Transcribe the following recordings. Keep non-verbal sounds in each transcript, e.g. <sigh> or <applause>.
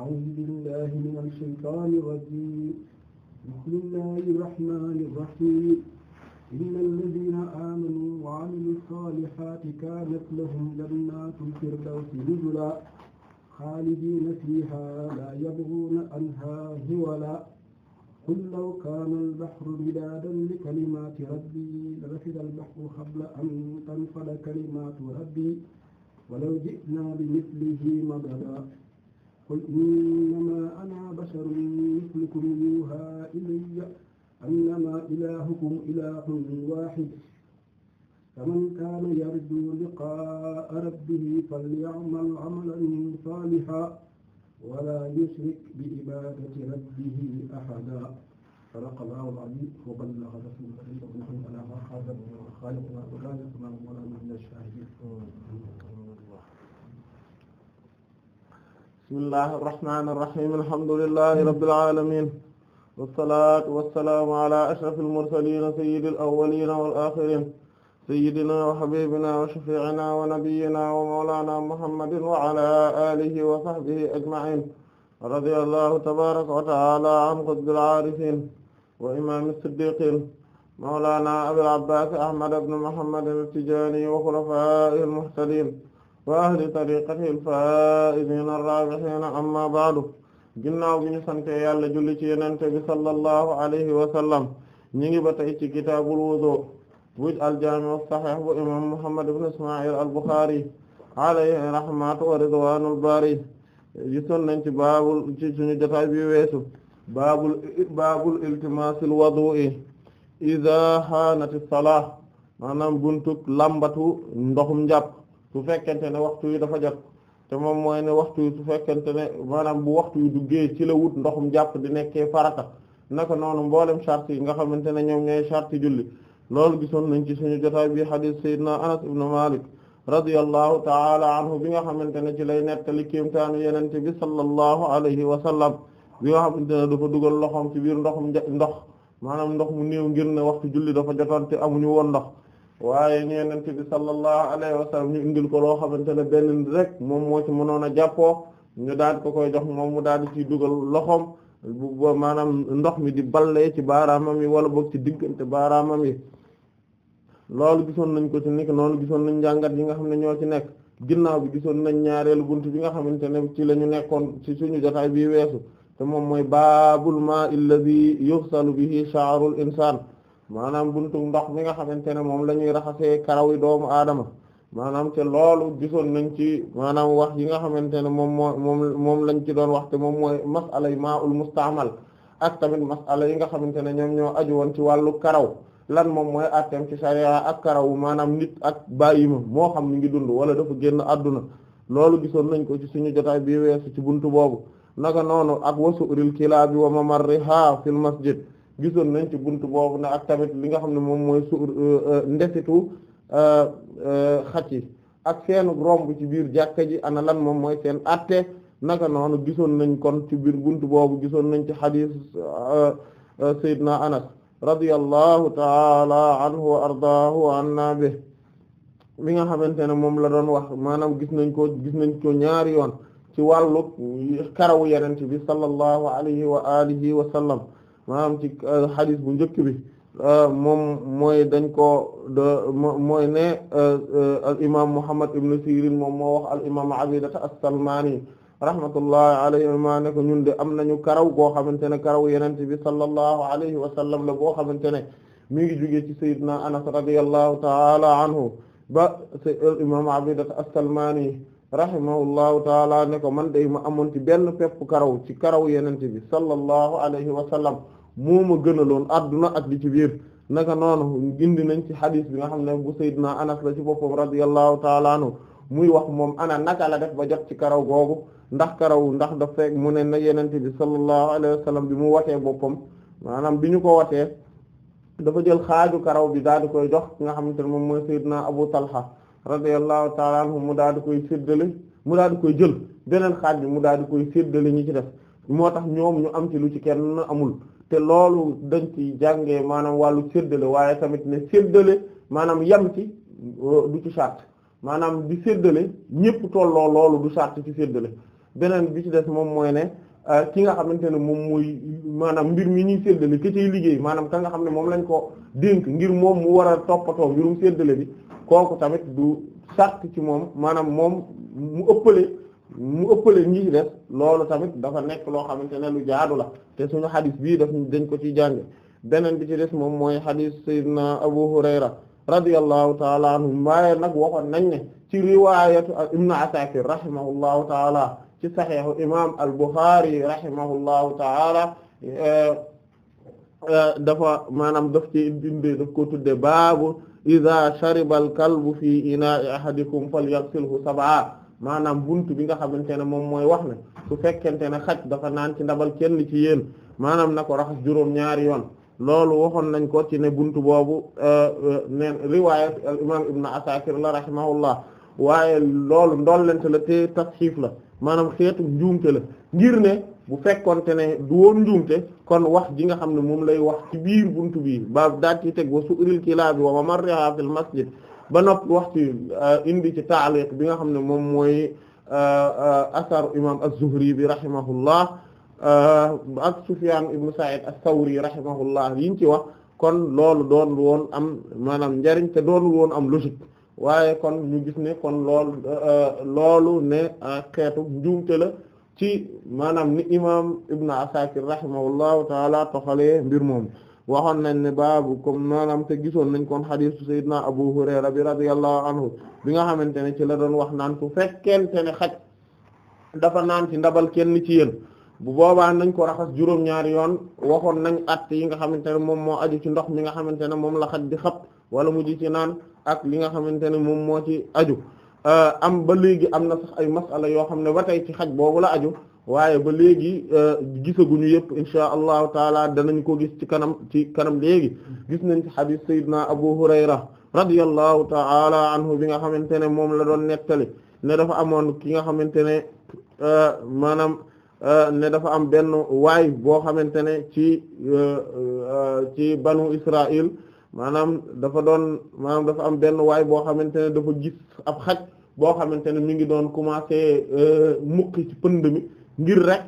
أعوذ بالله من الشيطان الرجيم بسم الله الرحمن الرحيم إن الذين آمنوا وعملوا الصالحات كانت لهم جنات الفردوس نزلا خالدين فيها لا يبغون عنها حولا قل لو كان البحر مدادا لكلمات ربي لنفد البحر قبل أن تنفد كلمات ربي ولو جئنا بمثله مددا قل إنما أنا بشر مثلكم يوحى إلي أنما إلهكم إله واحد فمن كان يرجو لقاء ربه فليعمل عملا صالحا ولا يشرك بعبادة ربه أحدا صدق الله العظيم وبلغ رسوله ونحن على ما خاتمه وخالقنا وخالقنا ولا نحن الشاهدين bismillahir rahmanir rahim alhamdulillahi rabbil alamin wassalaatu wassalaamu ala ashrafil mursaliin sayyidil awwaliin wal aaxiriin sayyidinaa wa habiibinaa wa shafii'inaa wa nabiyinaa wa mawlaanaa muhammadin wa ala aalihi wa sahbihi ajma'iin radiyallaahu tabaaraka wa ta'aalaa an qutbil aarifiin wa imaami siddiiqiin mawlaanaa abil abbaas ahmad ibn muhammad at-tijaani wa xulafaa'ihil muhtadiin wa ahli tariqati al-faa'iziina ar-raabihiina amma ba'du ginnaaw bi ñu yàlla julli ci yenente bi sallallahu alayhi wa sallam ñi ngi ba tey ci kitaabul wudu bu al-jaami' as-sahiih bu imam muhammad ibn isma'il al-bukhari alayhi rahmatu wa baabul ci suñu jotaay bi weesu baabul baabul iltimaasil wudu'i idaa haanati buntu lambatu ndoxum njàpp su fekkente ne waxtu yi dafa jot te moom mooy ne waxtu yi su fekkente ne maanaam bu waxtu yi duggee ci la wut ndoxum jàpp di nekkee farata naka noonu mboolem charte yi nga xamante ne ñoom ñooy charte julli loolu gisoon nañ ci suñu jotaay bi hadith sayyidina Anas ibn Malik radiyallahu ta'ala anhu bi nga xamante ne ci lay nettali kéemtaanu yenente bi sallallahu alayhi wa sallam bi nga nte ne dafa dugal loxoom ci biir ndoxum ndox maanaam ndox mu néew ngir ne waxtu julli dafa jotoon te amuñu woon ndox waaye ñeenante bi sallallahu alayhi wa ñu indil ko loo xamante ne benn rek moom moo ci mënoon a jàppoo ñu daal ko koy jox moom mu daal di ciy dugal loxoom bu maanaam ndox mi di ballee ci baaraamam yi wala boog ci diggante baaraamam yi loolu gisoon nañ ko ci nekk noonu gisoon nañ njàngat yi nga xam ne ñoo ci nekk ginnaaw bi gisoon nañ ñaareelu bunt bi nga xamante ne ci la ñu nekkoon ci suñu jotaay bii weesu te moom mooy baabul maa alladhi yughsalu bihi sha'rul insaan maanaam buntu ndox mi nga xamante ne moom la ñuy raxasee karaw yi doomu aadama maanaam te loolu gisoon nañ ci maanaam wax yi nga xamante ne moom moo moom moom lañ ci doon wax te moom mooy masala yi maa ul mustaamal ak tamit masala yi nga xamante ne ñoom ñoo aju woon ci wàllu karaw lan moom mooy atteem ci sariya ak karaw maanaam nit ak bàyyi ma moo xam ni ngi dund wala dafa génn àdduna loolu gisoon nañ ko ci suñu jotaay bii weesu ci buntu boobu naka noonu ak wasuril kilaabi wa mamarriha fil masjid gisoon nañ ci bunt boobu na ak tamit li nga xam ne moom mooy suur euh, euh, ndesitu euh, xaj yi ak seen romb ci biir jàkka ji ana lan moom mooy seen atte naka noonu gisoon nañ kon ci biir bunt boobu gisoon nañ ci xadiis Seydina Anas radiyallahu taala anhu wa ardaahu wa nga xamante ne moom la doon wax maanaam gis nañ ko gis nañ ko ñaari yoon ci wàllu karawu yenente bi sallallahu alayhi wa alihi wa sallam maanaam ci euh, xadis bu njëkk bi euh, moom mooy dañ ko de mooy ne euh, al imam Muhammad ibn Sirin moom moo wax al imam Abidata as-Salmani rahmatullahi alayhi ma ne ko ñun de am nañu karaw goo xamante ne karaw yenente bi sallallahu alayhi wa sallam la boo xamante ne mi ngi jógee ci sayyidina Anas radiyallahu ta'ala anhu ba al imam Abidata as-Salmani rahimahullahu taala ne ko man day ma amoon ci benn pepp karaw ci karaw yenente bi sallallahu alayhi wa moo ma gënaloon adduna ak li ci biir naka noonu indi nañ ci xadis bi nga xam ne bu Seydina Anas la ci boppam radiyallahu taala anhu muy wax moom ana naka la def ba jot ci karaw googu ndax karaw ndax daf fekk mu ne na yenente bi sallallahu alayhi wa sallam bi mu watee boppam maanaam bi ñu ko watee dafa jël xaaju karaw bi daal di koy jox nga xamante ne moom mooy Seydina Abu Talha radiyallahu taala anhu mu daal di koy séddale mu daal di koy jël beneen xaaj bi mu daal di koy séddale ñi ci def moo tax ñoom ñu am ci lu ci kenn amul te loolu dañ ci jàngee maanaam wàllu séddale waaye tamit ne séddale maanaam yam ci euh, du ci sart maanaam di séddale ñépp tolloo loolu du sart ci séddale beneen bi ci des moom mooy ne euh, ki nga xamante ne moom mooy maanaam mbir mi ñuy séddale ki ciy liggéey maanaam ka nga xam ne moom lañ ko dénk ngir moom mu war a toppatoo mbirum séddale bi kooku tamit du sart ci moom maanaam moom mu ëppale mu ëppale ñi ci def loolu tamit dafa nekk loo xamante ne lu jaadu la te suñu xadis bii daf dañ ko ci jàng beneen bi ci des moom mooy xadis sayyidina Abu Hurayra radiyallahu taala anhu nag waxoon nañ ne ci riwaayatu Ibn Asakir rahimahullahu taala ci saxiixu imam al-Bukhari rahimahullahu taala eh, eh, dafa maanaam daf ci indee daf ko tudde baabu iza shariba al fi inaa'i ahadikum falyaghsilhu sab'a maanaam buntu bi nga xamante ne moom mooy wax ne su fekkente ne xaj dafa naan ci ndabal kenn ci yéen maanaam na ko raxas juróom ñaari yoon loolu waxoon nañ ko ci ne buntu boobu euh, euh, ne riwaaya al imam ibnu asakir la waaye loolu ndollente la te tasxiif la maanaam xeetu njuumte la ngir ne bu fekkonte ne duwoon woon njuumte kon wax ji nga xam ne moom lay wax ci biir buntu bi ba daat ci teg wa su'ril kilaabi wa mamarriha fil masjid ba nopp wax ci euh, indi ci taaliq bi nga xam ne moom mooy euh, asar imam az-Zuhri bi rahimahullah euh, ak Sufyan ibn Sa'id as-Sawri rahimahullah yiñ ci wax kon loolu doon woon am maanaam njariñ te doon woon am logique waaye kon ñu gis ne kon loolu loolu ne xeetu njuumte la ci maanaam ni imam Ibn Asakir rahimahullahu taala toxalee mbir moom waxoon nañ ne baabu comme maanaam te gisoon nañ koon kon xadiisu sayyidina Abu Hurayra bi radiyallahu anhu bi nga xamante ne ci la doon wax naan su fekkente ne xaj dafa naan ci ndabal kenn ci yéen bu boobaa nañ ko raxas juróom-ñaari yoon waxoon nañ at yi nga xamante ne moom moo aju ci ndox mi nga xamante ne moom la xaj di xab wala mujj ci naan ak li nga xamante ne moom moo ci aju am ba léegi am na sax ay masala yoo xam ne ba tey ci xaj boobu la aju waaye ba léegi euh, gisaguñu yëpp insha allahu taala danañ ko gis ci kanam ci kanam léegi gis nañ ci xadis sayyidina abu hurayra radiyallahu taala anhu bi nga xamante ne moom la doon nettali ne dafa amoon ki nga xamante ne euh, maanaam euh, ne dafa am benn waay boo xamante ne ci ci banu israil maanaam dafa doon maanaam dafa am benn waay boo xamante ne dafa gis ab xaj boo xamante ne mi ngi doon commencer mukk ci pënd ngir rek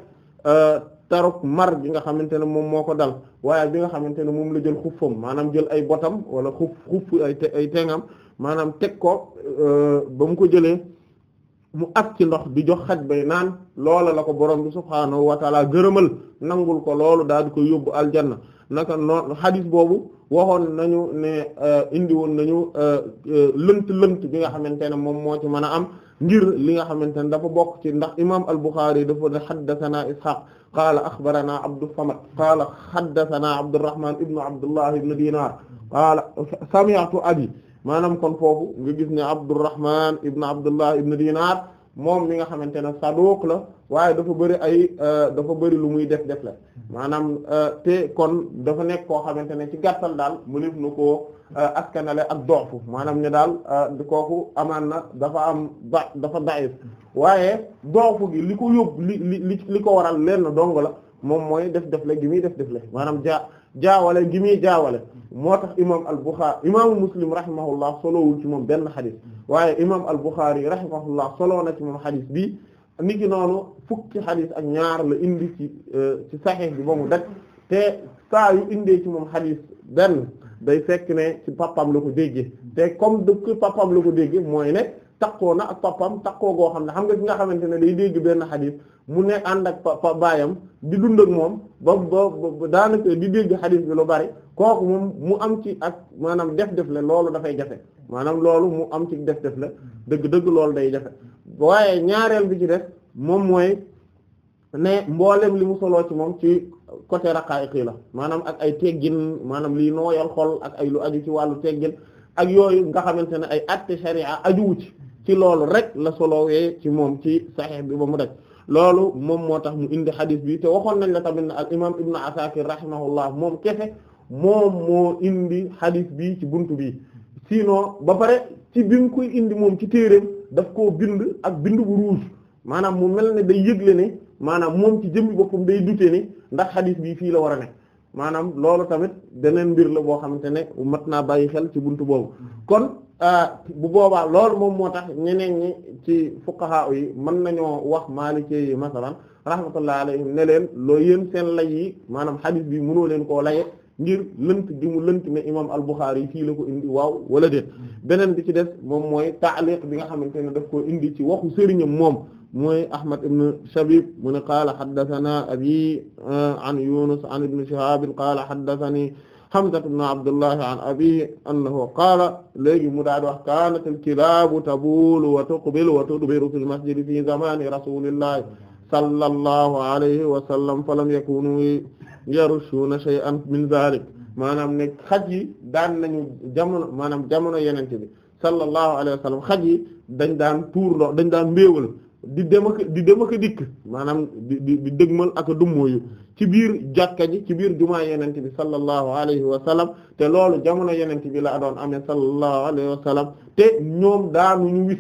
euh, taruk mar bi nga xamante ne moom moo ko dal waaye bi nga xamante ne moom la jël xuffam maanaam jël ay botam wala xuf xuf ay ay tengam maanaam teg ko euh, ba mu ko jëlee mu at ci ndox di jox xaj bay naan loola la ko borom bi subhaanahu wa taala gërëmal nangul ko loolu daal di koy yóbbu aljanna naka no xadis boobu waxoon nañu ne euh, indi woon nañu euh, euh, lënt lënt bi nga xamante ne moom moo ci mën a am ngir li nga xamante ne dafa bokk ci ndax imam al-Bukhari dafa ne xaddasanaa Ishaq qaala axbaranaa Abdus Samad qaala xaddasanaa Abdurrahman ibnu Abdullah ibnu Dinar qaala sami'tu abi maanaam kon foofu nga gis ne Abdurrahman ibnu Abdullah moom mi nga xamante ne saduq la waaye dafa bëri ay euh, dafa bëri lu muy def def la hmm. maanaam euh, te kon dafa nekk koo xamante ne ci gàttal daal mu nekk nu ak askanale ak doofu maanaam ne daal euh, kooku amaan na dafa am ba dafa daif waaye doofu gi li ko yóbbu li li li ko waral lenn dong la moom mooy def def la gi muy def def le maanaam jaa jaawale gi muy jaawale hmm. moo tax imaam al Bukhari imaamu Muslim rahimahullah solowul ci moom benn xadis hmm. waaye imam al-Bukhari rahimahullah soloo na ci moom xadis bi niki noonu fukki xadis ak ñaar la indi ci euh, ci saxiix bi ba mu daj te saa yu indee ci moom xadis benn day fekk ne ci papam la ko déggee te comme dëkk papam la ko déggee mooy ne taqoo na ak papam taqoo goo xam ne xam nga ki nga xamante ne day dégg benn xadis mu ne ànd ak papa baayam di dund ak moom ba ba daanaka di dégg xadis bi lu bari kooku moom mu am ci ak maanaam def-def la loolu dafay jafe maanaam loolu mu am ci def-def la dëgg-dëgg loolu day jafe waaye ñaareel bi ci def moom mooy ne mboolem li mu soloo ci moom ci côté raqaa'iqi la maanaam ak ay teggin maanaam liy nooyal xol ak ay lu aju ci wàllu teggin ak yooyu nga xamante ne ay atte sharia ci ci loolu rek la solowee ci moom ci saxiix bi ba mu def loolu moom moo tax mu indi xadis bi te waxoon nañ la tamit ne al imam ibnu asakir rahimahullah moom kese moom moo indi xadis bi ci bunt bi sinon ba pare ci bi mu koy indi moom ci téeréem daf koo bind ak bind bu rouge maanaam mu mel ne day yëgle ne maanaam moom ci jëmmi boppam day dute ne ndax xadis bi fii la war a nekk maanaam loolu tamit beneen mbir la boo xamante ne mat naa bàyyi xel ci buntu boobu kon ah, bu boobaa lool moom moo tax ñeneen ñi ci fuqaha yi mën nañoo wax maalike yi masalan rahmatullahi alayhim ne leen loo yéen seen lay yi maanaam xadis bi mënoo leen ko laye ngir lënt di mu lënt ne imam al-Bukhari yi fii la ko indi waaw wala déet mm. beneen bi ci des moom mooy taaliq bi nga xamante ne daf koo indi ci waxu sëriñam moom mooy Ahmad ibn Shabib mu ne qaala haddathana abi an Yunus an ibn Shihab qaala haddathani Hamza ibn Abdullah an abi annahu qaala léegi mu daal di wax kaanat al-kilaabu tabuulu wa tuqbilu wa tudbiru fil masjidi fi zamaani rasuulillahi sallallahu alayhi wa sallam falam yakunu yarushuuna shay'an min dhaalika maanaam ne xaj yi daan nañu jamono maanaam jamono Yonent bi sallallahu alayhi wa sallam xaj yi dañ daan tuur dañ daan mbéewal di dem ak di dem ak dikk maanaam di di di dëgmal ak dummóoyu ci biir jàkka ji ci biir jumaa yenent bi sallallahu alayhi wa sallam te loolu jamono yenent bi la doon amee sallallahu alayhi wa sallam te ñoom daanuñu wis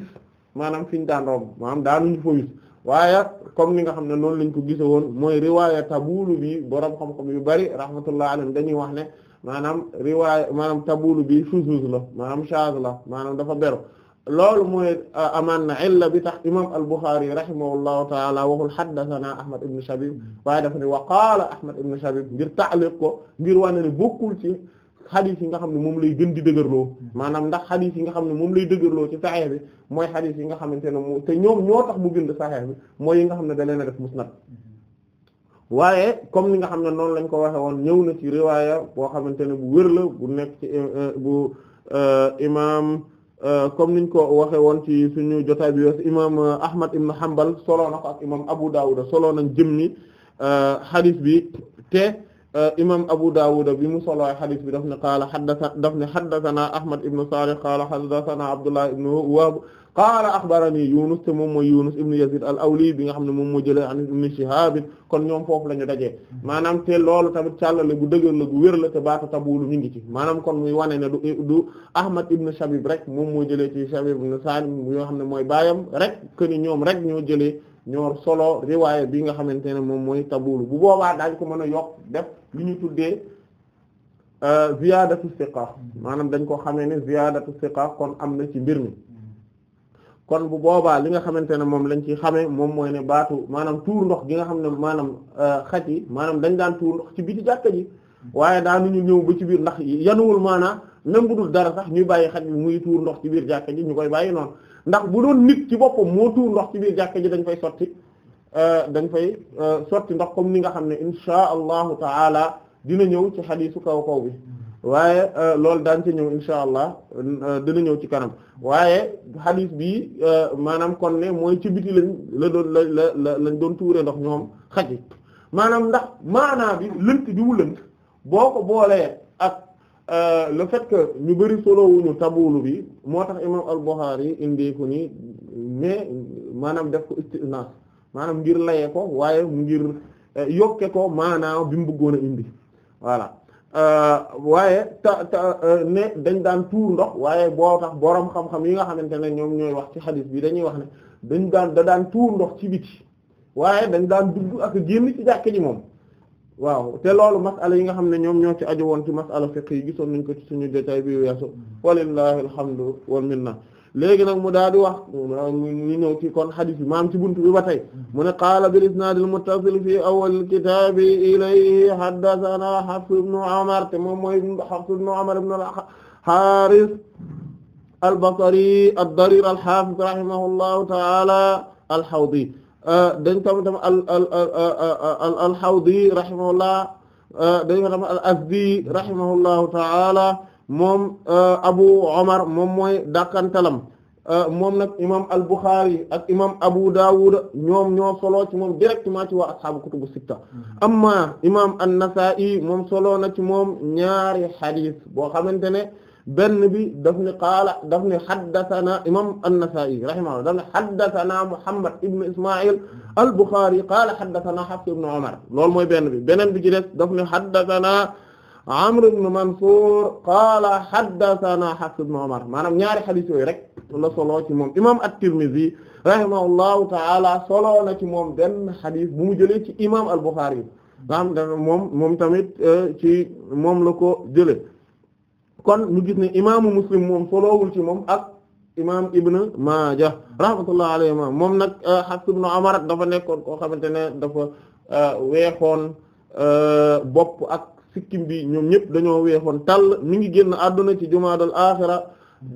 maanaam fi ñu daan romb maanaam daanuñu fa wis waaye comme ni nga xam ne noonu lañ ko gise woon mooy riwaaya tabulu bi borom xam-xam yu bari rahmatullah alayhim dañuy wax ne maanaam riwaaya maanaam tabulu bi shuzuz la maanaam shaz la maanaam dafa beru loolu mooy euh, amaan na illa bi tax imam al-Bukhari rahimahullahu taala waxul haddathana Ahmad ibn Shabib waaye dafa ne wa qaala Ahmad ibn Shabib ngir ta'liq ko ngir wane ne bokkul ci xadis yi nga xam ne moom lay gën di dëgërloo maanaam ndax xadis yi nga xam ne moom lay dëgërloo ci Sahih bi mooy xadis yi nga xamante ne moom te ñoom ñoo tax mu bind Sahih bi mooy yi nga xam ne da leen a def musnad waaye comme ni nga xam ne noonu lañ ko waxe woon ñëw na ci riwaaya boo xamante ne bu wér bu nekk ci euh, euh, Euh, comme niñ ko waxe woon ci suñu jotaay bi wees imam euh, Ahmad ibn Hanbal solo na ko ak imam Abu Dawud solo nañ jëmmi hadith euh, bi te imam Abu Dawud bi mu solo hadith bi daf ne qaala haddasa daf ne haddathana Ahmad ibn Salih qaala haddathana Abdullah ibn Wahb qaala axbarani Yunus te moom mooy Yunus ibn Yazid al-Awli bi nga xam ne moom moo jëlee an ibn Shihab kon ñoom foofu lañu ñu dajee maanaam te loolu tamit càllale bu dëgër la bu wér la te baata tabulu ñu ngi ci maanaam kon muy wane ne du du Ahmad ibn Shabib rek moom moo jëlee ci Shabib ibn Salim yoo xam ne mooy baayam rek que ni ñoom rek ñoo jëlee ñoor solo riwaaya bi nga xamante ne moom mooy tabulu bu boobaa daañ ko mën a yokk def li ñu tuddee euh, ziyaadatu siqa maanaam dañ ko xamee ne ziyaadatu siqa kon am na ci mbir mi kon bu boobaa li nga xamante ne moom lañ ci xamee moom mooy ne baatu maanaam tuur ndox gi nga xam ne maanaam euh, xaj yi maanaam dañ daan tuur ndox ci biti jàkka ji waaye daanuñu ñëw ba ci biir ndax yanuwul maanaa même bu dara sax ñuy bàyyi xaj bi muy tuur ndox ci biir jàkka ji ñu koy bàyyi noon ndax bu doon nit ci boppam moo tuur ndox ci biir jàkka ji dañ fay sotti euh, dañ fay euh, sotti ndox comme ni nga xam ne insha allahu taala dina ñëw ci xadiisu kaw kaw bi waaye euh, loolu daan ci ñëw insha allah euh, dina ñëw ci kanam waaye hadith bi euh, maanaam kon ne mooy ci biti lañ la doon la la lañ doon tuure ndox ñoom xaj yi maanaam ndax maanaa bi lënt bi mu boo ko boolee ak le fait que ñu bari solo tabulu bi moo tax imam al-Bukhari indi ko ni mais maanaam def ko istinaas maanaam ngir layee ko waaye ngir yokke ko maanaa bi mu bëggoon indi voilà Euh, waaye ta ta euh, ne dañ daan tuur ndox waaye boo tax borom xam-xam yi nga xamante ne ñoom ñooy wax ci xadis bi dañuy wax ne dañ daan da daan tuur ndox ci biti waaye dañ daan dugg ak génn ci jàkk ji moom waaw te loolu masala yi nga xam ne ñoom ñoo ci aju woon ci masala fiqh yi gisoon nañ ko ci suñu jotaay bi weesu walillahi alhamdu wal minna léegi nag mu daal di wax ñu ñëw ci kon xadis bi maam ci buntu bi ba tey mu ne qaala bil isnaadil muttasil fii awwal kitaabi ilayhi haddasanaa Hafs ibn Umar te moom mooy Hafs ibn Umar ibn al-Haaris al-Basri ad-Darir al-Haafiz rahimahullahu ta'ala al-Hawdi dañ tam tam al al al-Hawdi rahimahullah dañ tam al-Azdi rahimahullahu ta'ala moom euh, Abu Omar moom mooy dàqantalam euh, moom nag imam al-Bukhari ak imam Abu Dawud ñoom ñoo solo ci moom directement ci waa ashabu kutubu sitta mm-hmm. amma imam an-Nasa'i moom solo na ci moom ñaari xadis boo xamante ne benn bi daf ne qaala daf ne haddathana imam an-Nasa'i rahimahullah daf ne haddathana Muhammad ibn Isma'il al-Bukhari qaala haddathana Hafs ibn Umar loolu mooy benn bi beneen bi ci des daf ne haddathana Amr ibn Mansur qaala haddathana Hafs ibn Umar maanaam ñaari hadith yooyu rek la solo ci moom imaam at-Tirmidhi ta'ala solo na ci moom benn hadith bu mu jëlee ci imaam al moom moom tamit euh, ci moom la ko jëlee kon ñu gis ne Muslim moom solowul ci moom ak imaam Ibn Maaja rahmatullahi alayhi moom nag euh, Hafs ibn Umar dafa nekkoon koo xamante ne dafa euh, weexoon bopp ak. sikkim bi ñoom ñëpp dañoo weexoon tàll mi ngi génn àdduna ci jumaadal axira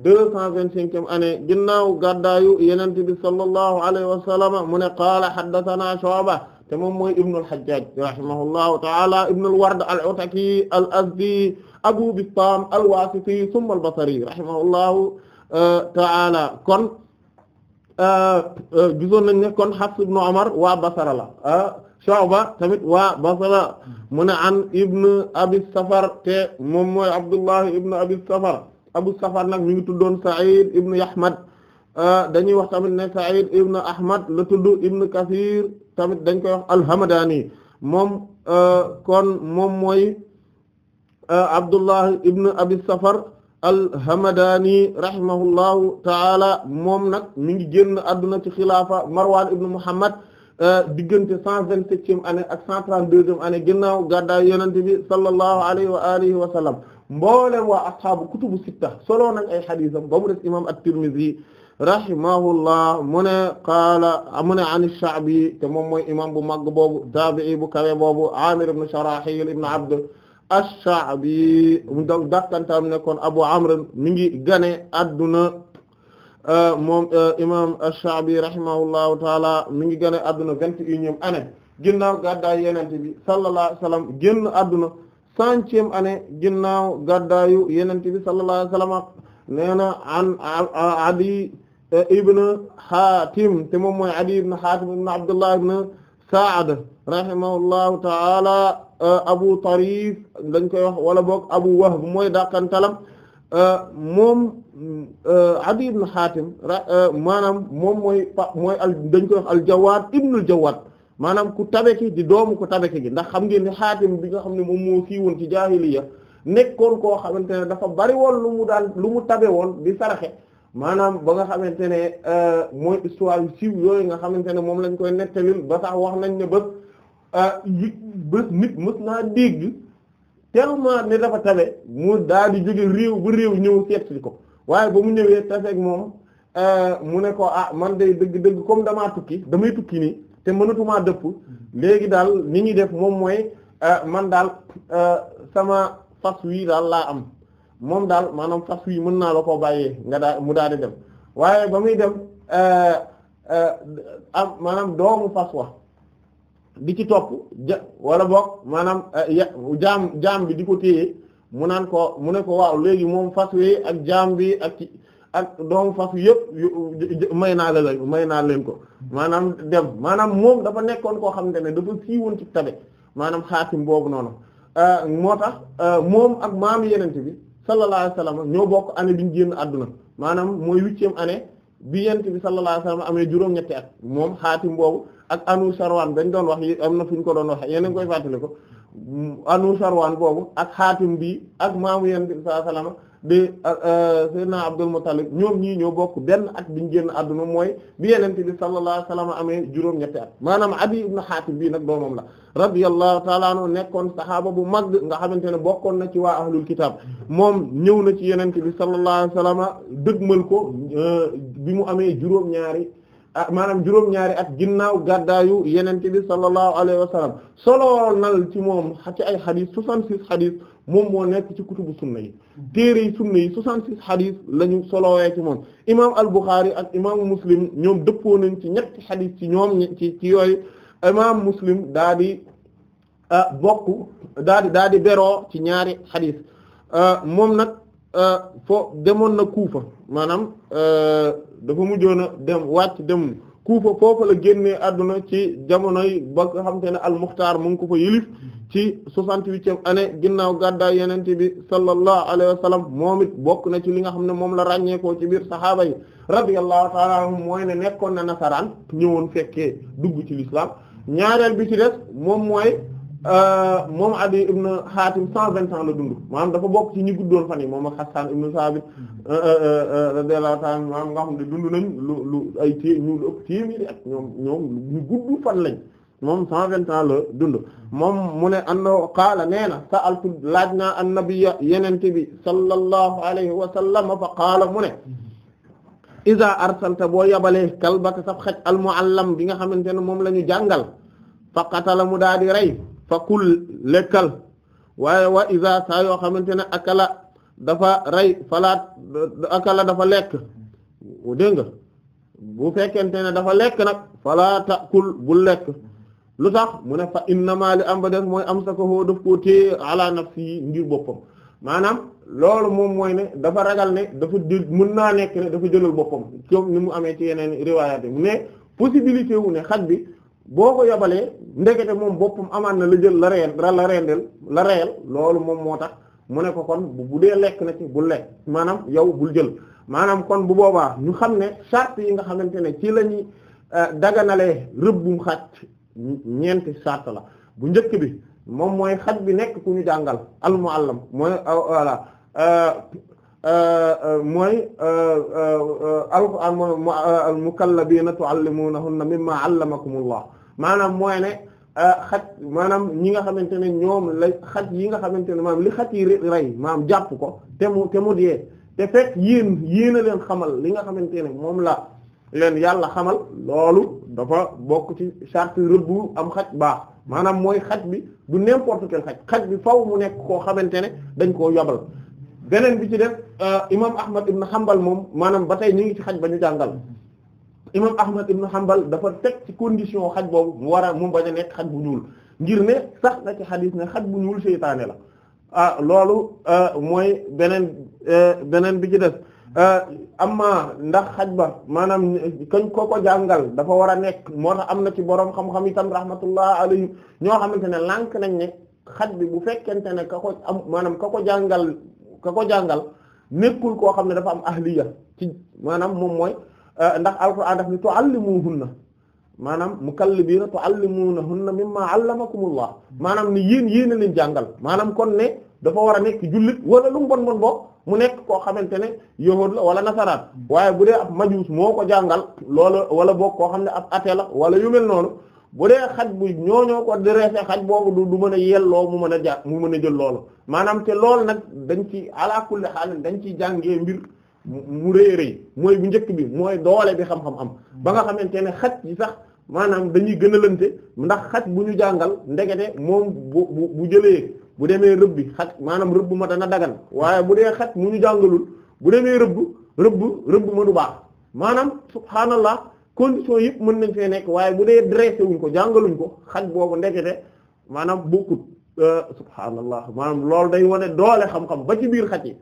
deux cent vingt-cinquième année ginnaaw gàddaayu yenente bi sallallahu alayhi wa mu ne qaala haddathana Shu'ba te moom mooy ibnu al-Hajjaj rahimahullahu ta'ala ibnu al-Ward al-Ataki al-Azdi Abu Bistam al-Wasiti thumma al-Basri rahimahullahu uh, ta'ala kon uh, uh, gisoon nañ ibnu Umar waa Basra Shu'ba tamit waa Basra mu ne an ibn Abi te moom mooy Abdullah ibn Abi Safar Abu Safar nag mu ngi tuddoon Sa'id ibn Ahmad euh, dañuy wax tamit ne Sa'id ibn Ahmad la tudd ibn Kathir tamit dañ koy wax al-Hamdani moom euh, kon moom mooy euh, Abdullah ibn Abi al-Hamdani rahimahullahu ta'ala moom nag mu ngi génn adduna ci xilaafa Marwan ibn Muhammad Euh, diggante cent vingt-septième année ak cent trente-deuxième année ginnaaw gàddaay yonent bi sallallahu alayhi wa alihi wa sallam mboolem waa ashaabu kutubu sitta solo nañ ay xadiisam ba mu des imam at-Tirmidhi rahimahullah mu ne qaala mu ne an Sha'bi te moom mooy imam bu màgg boobu taabi'i bu kawe boobu Amir ibn Sharahil ibn Abd ash-Sha'bi mu daf dakkantaam nekkoon Abu Amr mi ngi gane adduna Euh, moom euh, imam Ash-Sha'bi taala mi ngi gën a adduna vingt et unième année bi sallallahu alayhi wa sallam génn adduna centième année ginnaaw gàddaayu yenente bi sallallahu alayhi wa sallam euh, ibn Hatim te moom ibn Hatim ibn Abdullah ibn Sa'd rahimahullahu taala Abu Tarif lañ wax wala boog Abu Wahb mooy dàqantalam moom euh, Adi ibn Hatim euh, maanaam moom mooy mooy al dañ koy wax al-Jawad ibnul Jawad maanaam ku tabeki di doomu ku tabeki gi ndax xam ngeen ne Hatim bi nga xam ne moom moo sii woon ci jaahiliya nekkoon koo xamante ne dafa bari woon lu mu daan lu mu tabe woon di saraxe maanaam ba nga xamante ne euh, mooy histoire yu siiw yooyu nga xamante ne moom lañ koy nettalil ba sax wax nañ ne bés bés nit mës naa dégg tellement ne dafa tabe mu daal di jóge réew bu réew ñëw seet si ko waaye ba mu ñëwee taseeg moom euh, mu ne ko ah man de dëgg dëgg comme damaa tukki damay tukki nii te mënatumaa dëpp mm-hmm. léegi daal ni ñuy def moom mooy euh, man daal euh, sama fas wi daal laa am moom daal maanaam fas wi mën naa la koo bàyyee nga daa mu daal di dem waaye ba muy dem am maanaam doomu fas wa di ci topp ja wala boog maanaam eh, jaam jaam bi di ko téye mu naan ko mu ne ko waaw léegi moom fas wi ak jaam bi ak ci ak doomu fas yëpp may naa la may naa leen ko maanaam dem maanaam moom dafa nekkoon koo xamante ne dafa siiwoon ci tabe maanaam xaatim boobu noonu eh, moo tax eh, moom ak maam yenente bi sallallahu alayhi wasallam ñoo bokk année bi ñu génn àdduna maanaam mooy huitième année bi yenente bi sallallahu alayhi amee juróom-ñetti at moom xaatim boobu ak anu sarwaan dañ doon wax yi am na fu ñu ko doon wax yéen a ngi koy fàttali ko anu sarwaan boobu ak xaatim bi ak maamu yéen bi sallallahu alayhi wasallam di euh, sayyidina Abdul Muttalib ñoom ñii ñoo bokk benn at biñ génn àdduna mooy bi yenente bi sallallahu alayhi wasallam amee juróom-ñetti at maanaam Adi ibn Hatim bii nag doomam la radiyallahu ta'ala anhu nekkoon saxaaba bu mag nga xamante ne bokkoon na ci waa ahlul kitab moom ñëw na ci yenente bi sallallahu alayhi wasallam dëgmal ko euh, bi mu amee juróom-ñaari ah maanaam juróom-ñaari at ginnaaw gàddaayu yenente bi sallallahu alayhi solo nal ci moom ci ay xadis 66 xadis moom moo nekk ci kutubu sunna yi téere yi sunna yi 66 xadis la ñu solowee ci moom imam al-Bukhari ak imam muslim ñoom dëppoo nañ ci ñetti xadis ci ñoom ci ci yooyu imam muslim daa di ah, bokk daa di di beroo ci ñaari xadis ah, moom nag ah, fo demoon na Kuufa maanaam dafa mujjoon a dem wàcc dem Kufa foofu la génne àdduna ci jamonoy ba nga xam te ne al-Mukhtar mu ngi ko fa yilif ci soixante-huitième année ginnaaw gàddaay yonent bi sallallahu alayhi wa moom it bokk na ci li nga xam ne moom la ràññeekoo ci biir saxaaba yi radiyallahu ta'ala anhum mooy ne nekkoon na nasaraan ñëwoon fekkee dugg ci l'islam ñaareel bi ci des moom mooy Euh, moom abi ibn Hatim cent vingt ans la dund maanaam dafa bokk ci ñi guddoon fan yi moom ak Hassan ibn Sabit mm-hmm. euh, euh, radiyallahu nga xam ne dundu nañ lu lu ay té ñu lu ëpp téeméeri ak ñoom ñoom ñu gudd fan lañ moom cent vingt la dund mm-hmm. moom mu ne annahu qaala nee na sa'altu laaj naa annabiyya yenente bi sallallahu alayhi wa sallam fa qaala mu ne mm-hmm. iza arsalta boo yabalee kalbaka saf xaj al muallam bi nga xamante ne moom la ñu jàngal fa qatala mu daa di rey fa kul lekkal waaye wa isa saa yoo xamante ne akala dafa rey falaat akala dafa lekk dégg nga bu fekkente ne dafa lekk nag falaata kul bu lekk lu tax mu ne fa innama li am ba des mooy am sa koo daf koo téye ala nafsi boppam maanaam loolu moom mooy ne dafa ragal ne dafa jël mën naa nekk ne dafa jëlal boppam comme mu amee ci yeneen riwaayaat yi mu ne possibilité bi boo ko yobalee ndekete moom boppam amaan na la jël la reen la la reyal loolu moom moo tax mu ne ko kon bu dee lekk na ci bul lekk maanaam yow bul jël maanaam kon bu boobaa ñu xam ne sart yi nga xamante ne ci la ñuy euh, daganalee rëbbum xaj ñeenti sart la bu njëkk bi moom mooy xaj bi nekk ku ñu jàngal al muallam mooy euh, voilà euh, Euh, euh, mooy euh, alquran al mukallabiina tuallimuunahunna mimma allamakumullah maanaam mooy ne xaj maanaam ñi nga xamante ne ñoom la xaj yi nga xamante ne maanaam li xaj yi rey maanaam jàpp ko te mu te mu dee yéen yéen leen xamal li nga xamante ne moom la leen yàlla xamal loolu dafa bokk ci charte rëbbu am xaj baax maanaam mooy xaj bi du n'importe quel xaj xaj bi faw mu nekk koo xamante ne dañ koo yabal beneen bi ci def euh, imam ahmad ibn hanbal moom maanaam ba tey ñu ngi ci xaj ba ñu jàngal imam ahmad ibn hanbal dafa teg ci condition xaj boobu mu war a mu bañ a nekk xaj bu ñuul ngir ne sax na ci xadis ne xaj bu ñuul seytaane la ah, loolu euh, mooy beneen euh, beneen bi ci def amma ndax xaj ba maanaam kañ ko ko jàngal dafa war a nekk moo tax am na ci boroom xam-xam itam rahmatullah alayhi ñoo xamante ne lànk nañ ne xaj bi bu fekkente ne ka am maanaam ka ko jàngal ka ko jàngal nekkul koo xam ne dafa am ahliya ci maanaam moom mooy euh, ndax alquran daf ni tuallimuhunna maanaam mukallibiina tuallimuunahunna mimma allamakumullah maanaam ne yéen yéen a leen jàngal maanaam kon ne dafa war a nekk jullit wala lu mu bon bon boo mu nekk koo xamante ne yahuud la wala nasaraan waaye bu dee ab majuus moo ko jàngal loola wala boog koo xam ne ab athée la wala yu noonu bu dee xaj bu ñooñoo ko dressé xaj boobu du du mën a yelloo mu mën a jà mu mën a jël loolu maanaam te loolu nag dañ ci ala kulli xaal dañ ciy jàngee mbir mu rëy rëy mooy bu njëkk bi mooy doole bi xam-xam am ba nga xamante ne xaj yi sax maanaam dañuy gën a lënte ndax xaj bu ñu jàngal ndegete moom bu bu bu jëlee bu demee rëbb bi xaj maanaam rëbb ma dana dagan waaye bu dee xaj mu ñu jàngalul bu demee rëbb rëbb rëbb ma du baax maanaam subhaanallah condition yëpp mën nañ fee nekk waaye bu dee dressé wuñ ko jàngaluñ ko xaj boobu ndekete maanaam bokkut euh, subhaanallah maanaam loolu day wane doole xam-xam ba ci biir xaj yi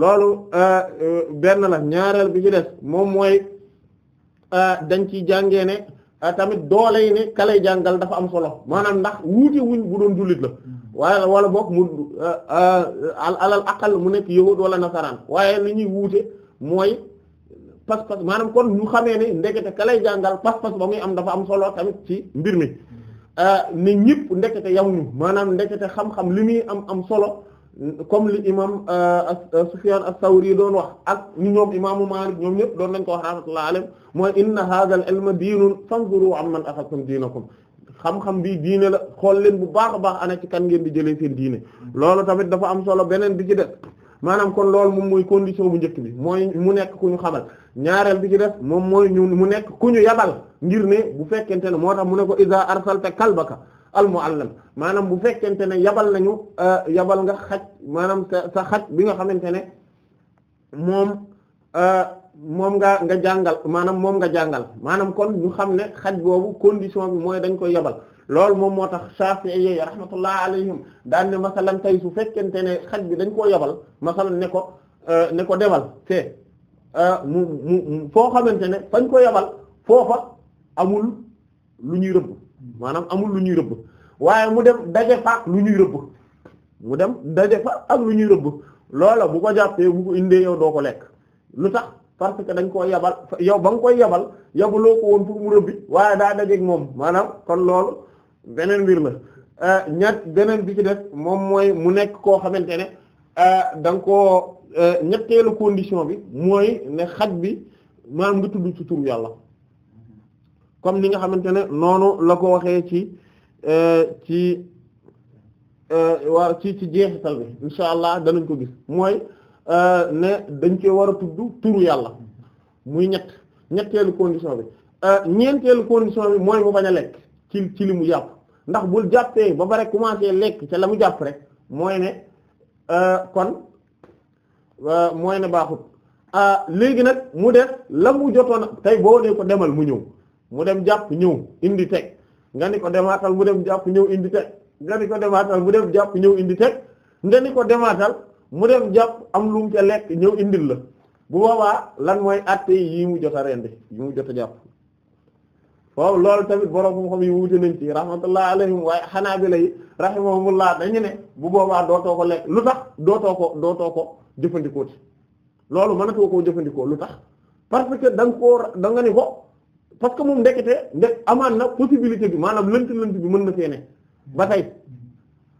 loolu euh, euh, benn la ñaareel bi ci des moom mooy dañ ci jàngee ne tamit doole yi ne kalay jàngal dafa am solo maanaam ndax wuute wuñ bu doon jullit la waaye wala boog mu alal akal mu nekk yahud wala nasaraan waaye li ñuy wuute mooy pas-pas maanaam kon nu xamee ne ndekete ka jàngal pas-pas ba muy am dafa am solo tamit ci mbir mi euh, ne ñëpp ndekete yamuñu maanaam ndekete xam-xam li muy am am solo comme li imam euh, euh, Sufyan as-Sawri doon wax ak ni ñoom imaamu Maalik ñoom ñëpp doon nañ ko wax mooy rahmatullahi alayhi mooy inna hadha al-ilma diinun fanzuru amman akhadtum diinakum xam-xam bi diine la xool leen bu baax a baax ana ci kan ngeen di jëlee seen diine loolu tamit dafa am solo beneen bi ci def maanaam kon loolu moom mooy condition bu njëkk bi mooy mu nekk ku ñu xamal ñaareel bi ci def moom mooy ñu mu nekk ku ñu yabal ngir ne bu fekkente ne moo tax mu ne ko iza arsalta kalbaka al allam maanaam bu fekkente ne yabal nañu euh, yabal nga xaj maanaam sa bi nga xamante ne moom euh, moom nga nga jàngal maanaam moom nga jàngal maanaam kon ñu xam ne xaj boobu condition bi mooy dañ koy yabal loolu moom moo tax Shafi'i yi rahmatullah alayhim daan ne masalan tey su fekkente ne xaj bi dañ koo yabal masalan ne ko euh, ne ko demal fee Euh, mu mu foo xamante ne fañ ko yabal foofa amul lu ñuy rëbb maanaam amul lu ñuy rëbb waaye mu dem daje fa lu ñuy rëbb mu dem daje fa ak lu ñuy rëbb loola bu ko jàppee bu ko indee yow doo ko lekk lu tax parce que dañ ko yabal yow ba nga koy yabal yabaloo ko woon pour mu rëbbi waaye daa dajeeg moom maanaam kon loolu beneen mbir la euh, ñett beneen bi ci def moom mooy mu nekk koo xamante ne euh, da nga koo Euh, ñetteelu condition bi mooy ne xaj bi maanaam nga tudd ci turu yàlla comme ni nga xamante ne noonu la ko waxee ci euh, ci euh, waaw ci ci jeexital bi insha allah danañ ko gis mooy ne dañ cee war a tudd turu yàlla muy ñett ñetteelu condition bi ñeenteelu condition bi mooy mu bañ a lekk ci ci li mu jàpp ndax bul jàppee ba pare commencer lekk ca la mu jàpp rek mooy ne kon mooy ne baaxut ah, léegi nag mu def la mu jotoon tey boo ne ko demal mu ñëw mu dem jàpp ñëw indi teg nga ni ko demaatal mu dem jàpp ñëw indi teg nga ni ko demaatal mu dem jàpp ñëw indi teg nga ni ko demaatal mu dem jàpp am lu mu ca lekk ñëw indi la bu boobaa lan mooy atte yi mu jot a rendi yi mu jot a jàpp foofu loolu tamit borom xam-xam yi wuute nañ ci rahmatullah alayhim waaye xanaa bi lay laa dañu ne bu boobaa dootoo ko lekk lu tax dootoo ko dootoo ko jëfandikoo ci loolu mënatoo koo jëfandikoo lu tax parce que da nga da nga ne ko parce que moom ndekete nde amaan na possibilité bi maanaam lënt-lënt bi mën na fee ba tey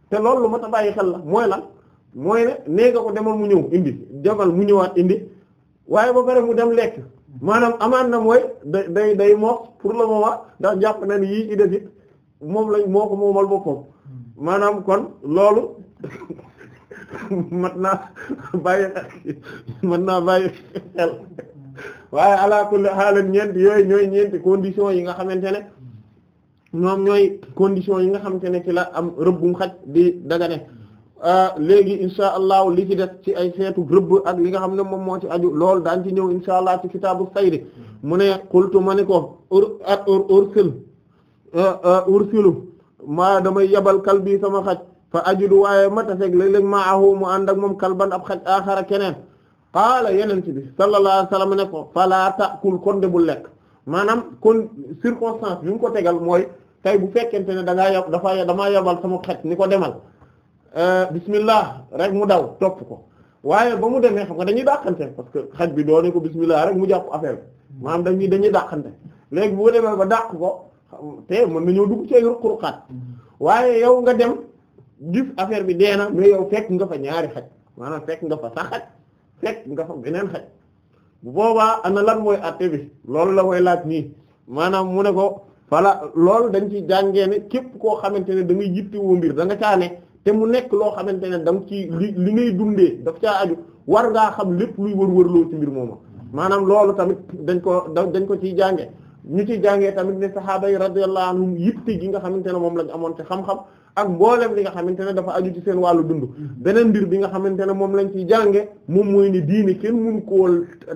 te loolu lu ma a bàyyi xel la mooy lan mooy ne nee nga ko demal mu ñëw indi demal mu ñëwaat indi waaye ba pare mu dem lekk maanaam amaan na mooy day day moo moos pour le moment ndax jàpp na ni yii idée moom lañ moo ko moomal boppam hmm. maanaam kon loolu. <laughs> <laughs> mat naa bàyyi naa bàyyi xel waaye ala kulli haal ñeenti yooyu ñooy ñeenti condition yi nga xamante ne ñoom ñooy condition yi nga xamante ne ci la am rëbbum xaj di dagane ah, léegi insha allahu li ci def ci ay xeetu rëbb ak li nga xam ne moom moo ci aju lool daan ci ñëw insha allah ci kitaabu saydi mu ne qultu ma ni ko ur at ur ursil ah, ah, ursilu maa damay yabal kalbi sama xaj fa ajudu waaye ma taseeg léeg-léeg ma ahu mu ànd ak moom kalban ab xaj axara keneen qaala yeneen ci bi sallallahu alayhi wasallam ne ko fala ta'kul kon de bu lekk maanaam kon circonstance bi mu ko tegal mooy tey bu fekkente ne da ngaa yab dafa damaa yabal sama xaj ni ko demal euh, bismillah rek mu daw topp ko waaye ba mu demee xam nga dañuy dàqante parce que bi doone ko bismillah rek mu jàpp affaire bi maanaam dañuy dañuy dàqante léegi bu demee ba dàq ko te mën nañoo dugg ci ay ruq-ruqaat mm-hmm. waaye yow nga dem gis affaire bi dee na mais yow fekk nga fa ñaari xaj maanaam fekk nga fa sa xaj fekk nga fa beneen xaj bu boobaa ana lan mooy àtte bi loolu la koy laaj nii maanaam mu ne ko voilà loolu dañ ci jàngee ne képp koo xamante ne da nga yittewoo mbir da nga caa te mu nekk loo xamante ne da nga ci li li ngay dundee daf caa aju war ngaa xam lépp luy wër-wërloo ci mbir moomu maanaam loolu tamit dañ ko dañ ko ciy jànge ñu ciy jàngee tamit ne sahaaba yi radiyallahu anhum yitte gi nga xamante ne moom lañ amoon ci xam-xam ak mboolem li nga xamante ne dafa aju seen wàllu dund mhm. beneen mbir bi nga xamante ne moom lañ ci jànge moom mooy ni diine kenn mun koo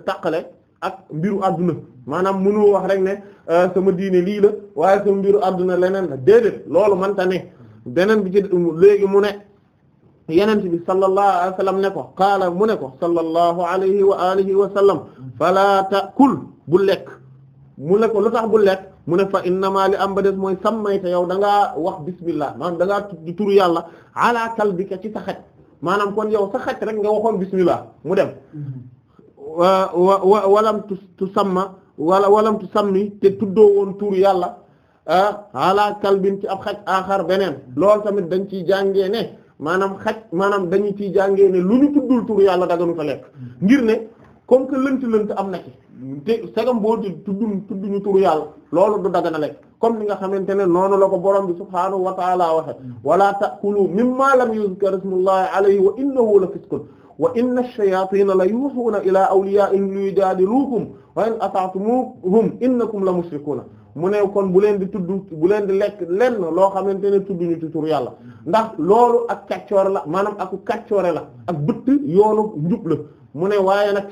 taqale ak mbiru àdduna maanaam mënoo wax rek ne euh, sama diine lii la waaye sama mbiru àdduna leneen la déedéet loolu manta ne beneen bi ci léegi mu ne yenent bi sallallahu alayhi wa sallam ne ko qaala mu ne ko sallallahu alayhi wa alihi wa sallam fala takul bu lekk mu ne ko lu tax bu mu ne fa innamaa li am ba des mooy sammayta yow da ngaa wax bismillah maanaam dangaa ngaa tudd turu yàlla ala kalbika ci sa xaj maanaam kon yow sa rek nga waxoon bismillah mu dem wa walam tu tu wala walam tu sammi te tuddoo woon turu yàlla ala kalbin ci ab xaj aaxar beneen loolu tamit dañ ciy jàngee ne maanaam xaj maanaam dañu ciy jàngee ne lu ñu tuddul turu yàlla daganu fa lekk ngir ne comme que lënt lënt am na ci te sagam boo di tuddu tuddu ñu turu yàlla loolu ni nga xamante ne noonu la ko borom bi wa ta'ala waxe wala ta'kulu mimma lam yuzkar ismullahi alayhi wa innahu la fiskun wa inna ash-shayatina la yuhuna ila awliya'ihim liyujadilukum wa in ata'tumuhum innakum la mushrikuna mu ne kon bu leen di tudd bu leen di lekk lenn loo xamante ne tudd ñu ci tur yàlla ndax loolu ak kàccoor la maanaam aku kàccoore la ak bëtt yoonu njub la mu ne waaye nag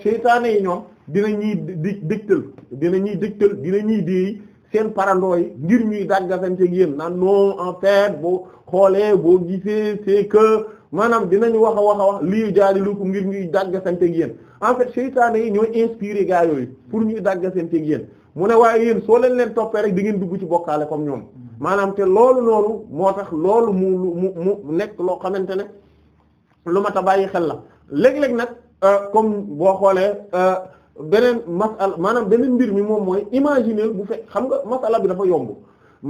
dina ñuy di dégtal dina ñuy dégtal dina ñuy déey seen parandoo yi ngir ñuy dàggasante ak yéen naan non en fait boo xoolee boo gisee c'est que maanaam dinañ wax a wax a wax lii jaadiluko ngir ñuy dàggasante ak yéen en fait seytaane yi ñooy inspiré gaa yi pour ñuy dàggasante ak yéen mu ne waaye yéen soo leen leen toppee rek di ngeen dugg ci bokkaale comme ñoom maanaam te loolu noonu moo tax loolu mu mu mu nekk loo xamante ne lu mat a bàyyi xel la léeg-léeg nag euh, comme boo xoolee euh, beneen masala maanaam beneen mbir mi moom mooy imaginer bu fekk xam nga masala bi dafa yomb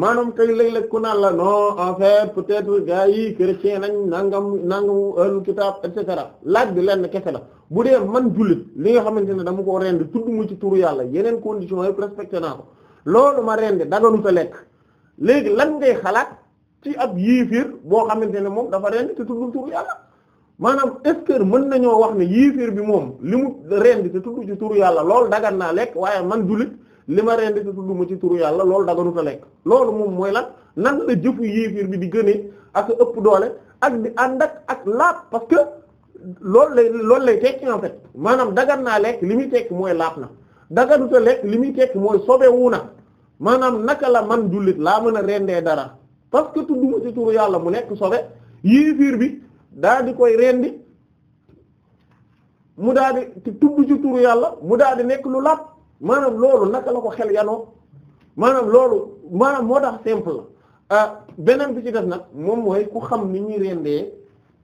maanaam tey léeg-léeg ku naan la non en fait peut-être gars yi chrétien nañ nangam nangamu ahlul kitaab et cetera laaj bi lenn kese la bu dee man jullit li nga xamante ne dama ko rend tuddumu ci turu yàlla yeneen conditions yëpp respecté naa ko loolu ma rend daganu ta lekk léegi lan ngay xalaat ci ab yiifir boo xamante ne moom dafa rend te tuddul turu yàlla maanaam est-ce mën nañoo wax ne yiifir bi moom li mu rendi te tudd ci turu yàlla lool dagan naa lekk waaye man jullit li ma rendi te tudd ma turu yàlla loolu daganu ta lekk loolu moom mooy lan nan la jëfu yiifir bi di gënee ak ëpp doole ak di ànd ak ak laab parce que loolu lay loolu lay tekki en fait maanaam dagan naa lekk li muy tekki mooy laab na daganu ta lekk li muy tekki mooy sobewu na maanaam naka la man jullit laa mën a rendee dara parce que tudd ci turu yàlla mu nekk sobe yiifir bi daa di koy rendi mu daa di te tudd ci turu yàlla mu daal di nekk lu lapp maanaam loolu naka la ko xel yanoo maanaam loolu maanaam moo tax simple la ah, beneen bi ci def nag moom mooy ku xam ni ñuy rendee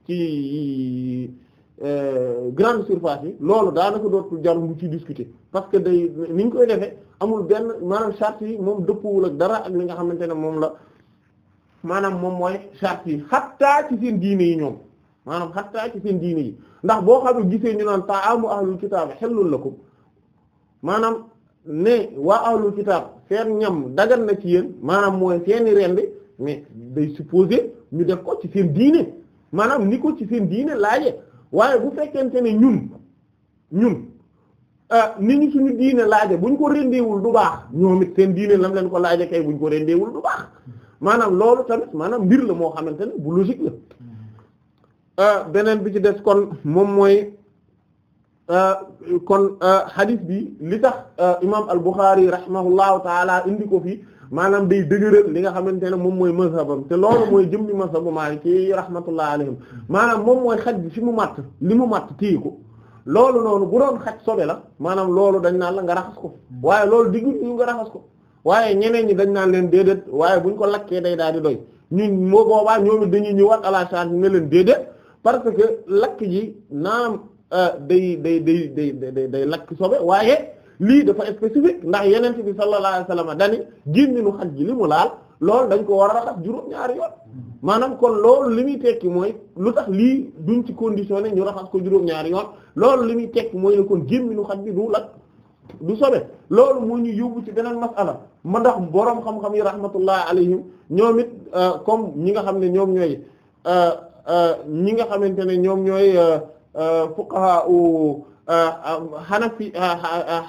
ci euh, grande surface yi loolu daanaka dootul jar mu ci discuter parce que day ni ñu koy defee amul benn maanaam charte yi moom dëppoowul ak dara ak li nga xamante ne moom la maanaam moom mooy charte yi xattaa ci seen diine yi ñoom maanaam xattaa ci seen diine yi ndax boo xam ne gisee ñu naan ta'amu ahlul kitaab la lakum maanaam ne waa ahlul kitaab seen ñam dagan na ci yéen maanaam mooy seeni rendi mais day supposé ñu def ko ci seen diine maanaam ni ko ci seen diine laaje waaye bu fekkente ne ñun ñun euh, ni ñu suñu diine laaje buñ ko rendeewul du baax ñoom it seen diine lam leen ko laaje kay buñ ko rendeewul du baax maanaam loolu tamit maanaam mbir la moo xamante ne bu logique Ah, beneen bi ci des kon moom mooy ah, kon ah, hadith bi li tax imaam al-Bukhari rahimahullahu taala indi ko fi maanaam day dëgëral li nga xamante ne moom mooy mazhabam te loolu mooy jëm bi mazhabu Maliki rahmatullahi alayhim maanaam moom mooy xaj bi fi mu matt li mu matt téye ko loolu noonu bu doon xaj sobe la maanaam loolu dañ naan la nga raxas ko waaye loolu diggu ñu nga raxas ko waaye ñeneen ñi dañ naan leen déedéet waaye buñ ko lakkee day daal di doy ñu moo boobaa ñoom dañuy ñëwaat à la ne leen déedéet. parce que lakk ji naam euh, day day day day day day lakk sobe waaye lii dafa spécifique ndax yeneen bi sallallahu alayhi wasallam dani génninu xaj ji li mu laal loolu dañ ko war a raxas juróom-ñaari yoon maanaam kon loolu li muy tekki mooy lu tax lii duñ ci condition conditionné ñu raxas ko juróom-ñaari yoon loolu li muy tekki mooy ne kon génninu xaj bi du lakk du sobe loolu moo ñu yóbbu ci beneen masala ma ndax boroom xam-xam yi rahmatullah alayhim ñoom it euh, comme ñi nga xam ne ñoom ñooy euh, Euh, ñi nga xamante ne ñoom ñooy euh, euh, fuqaha u xanafi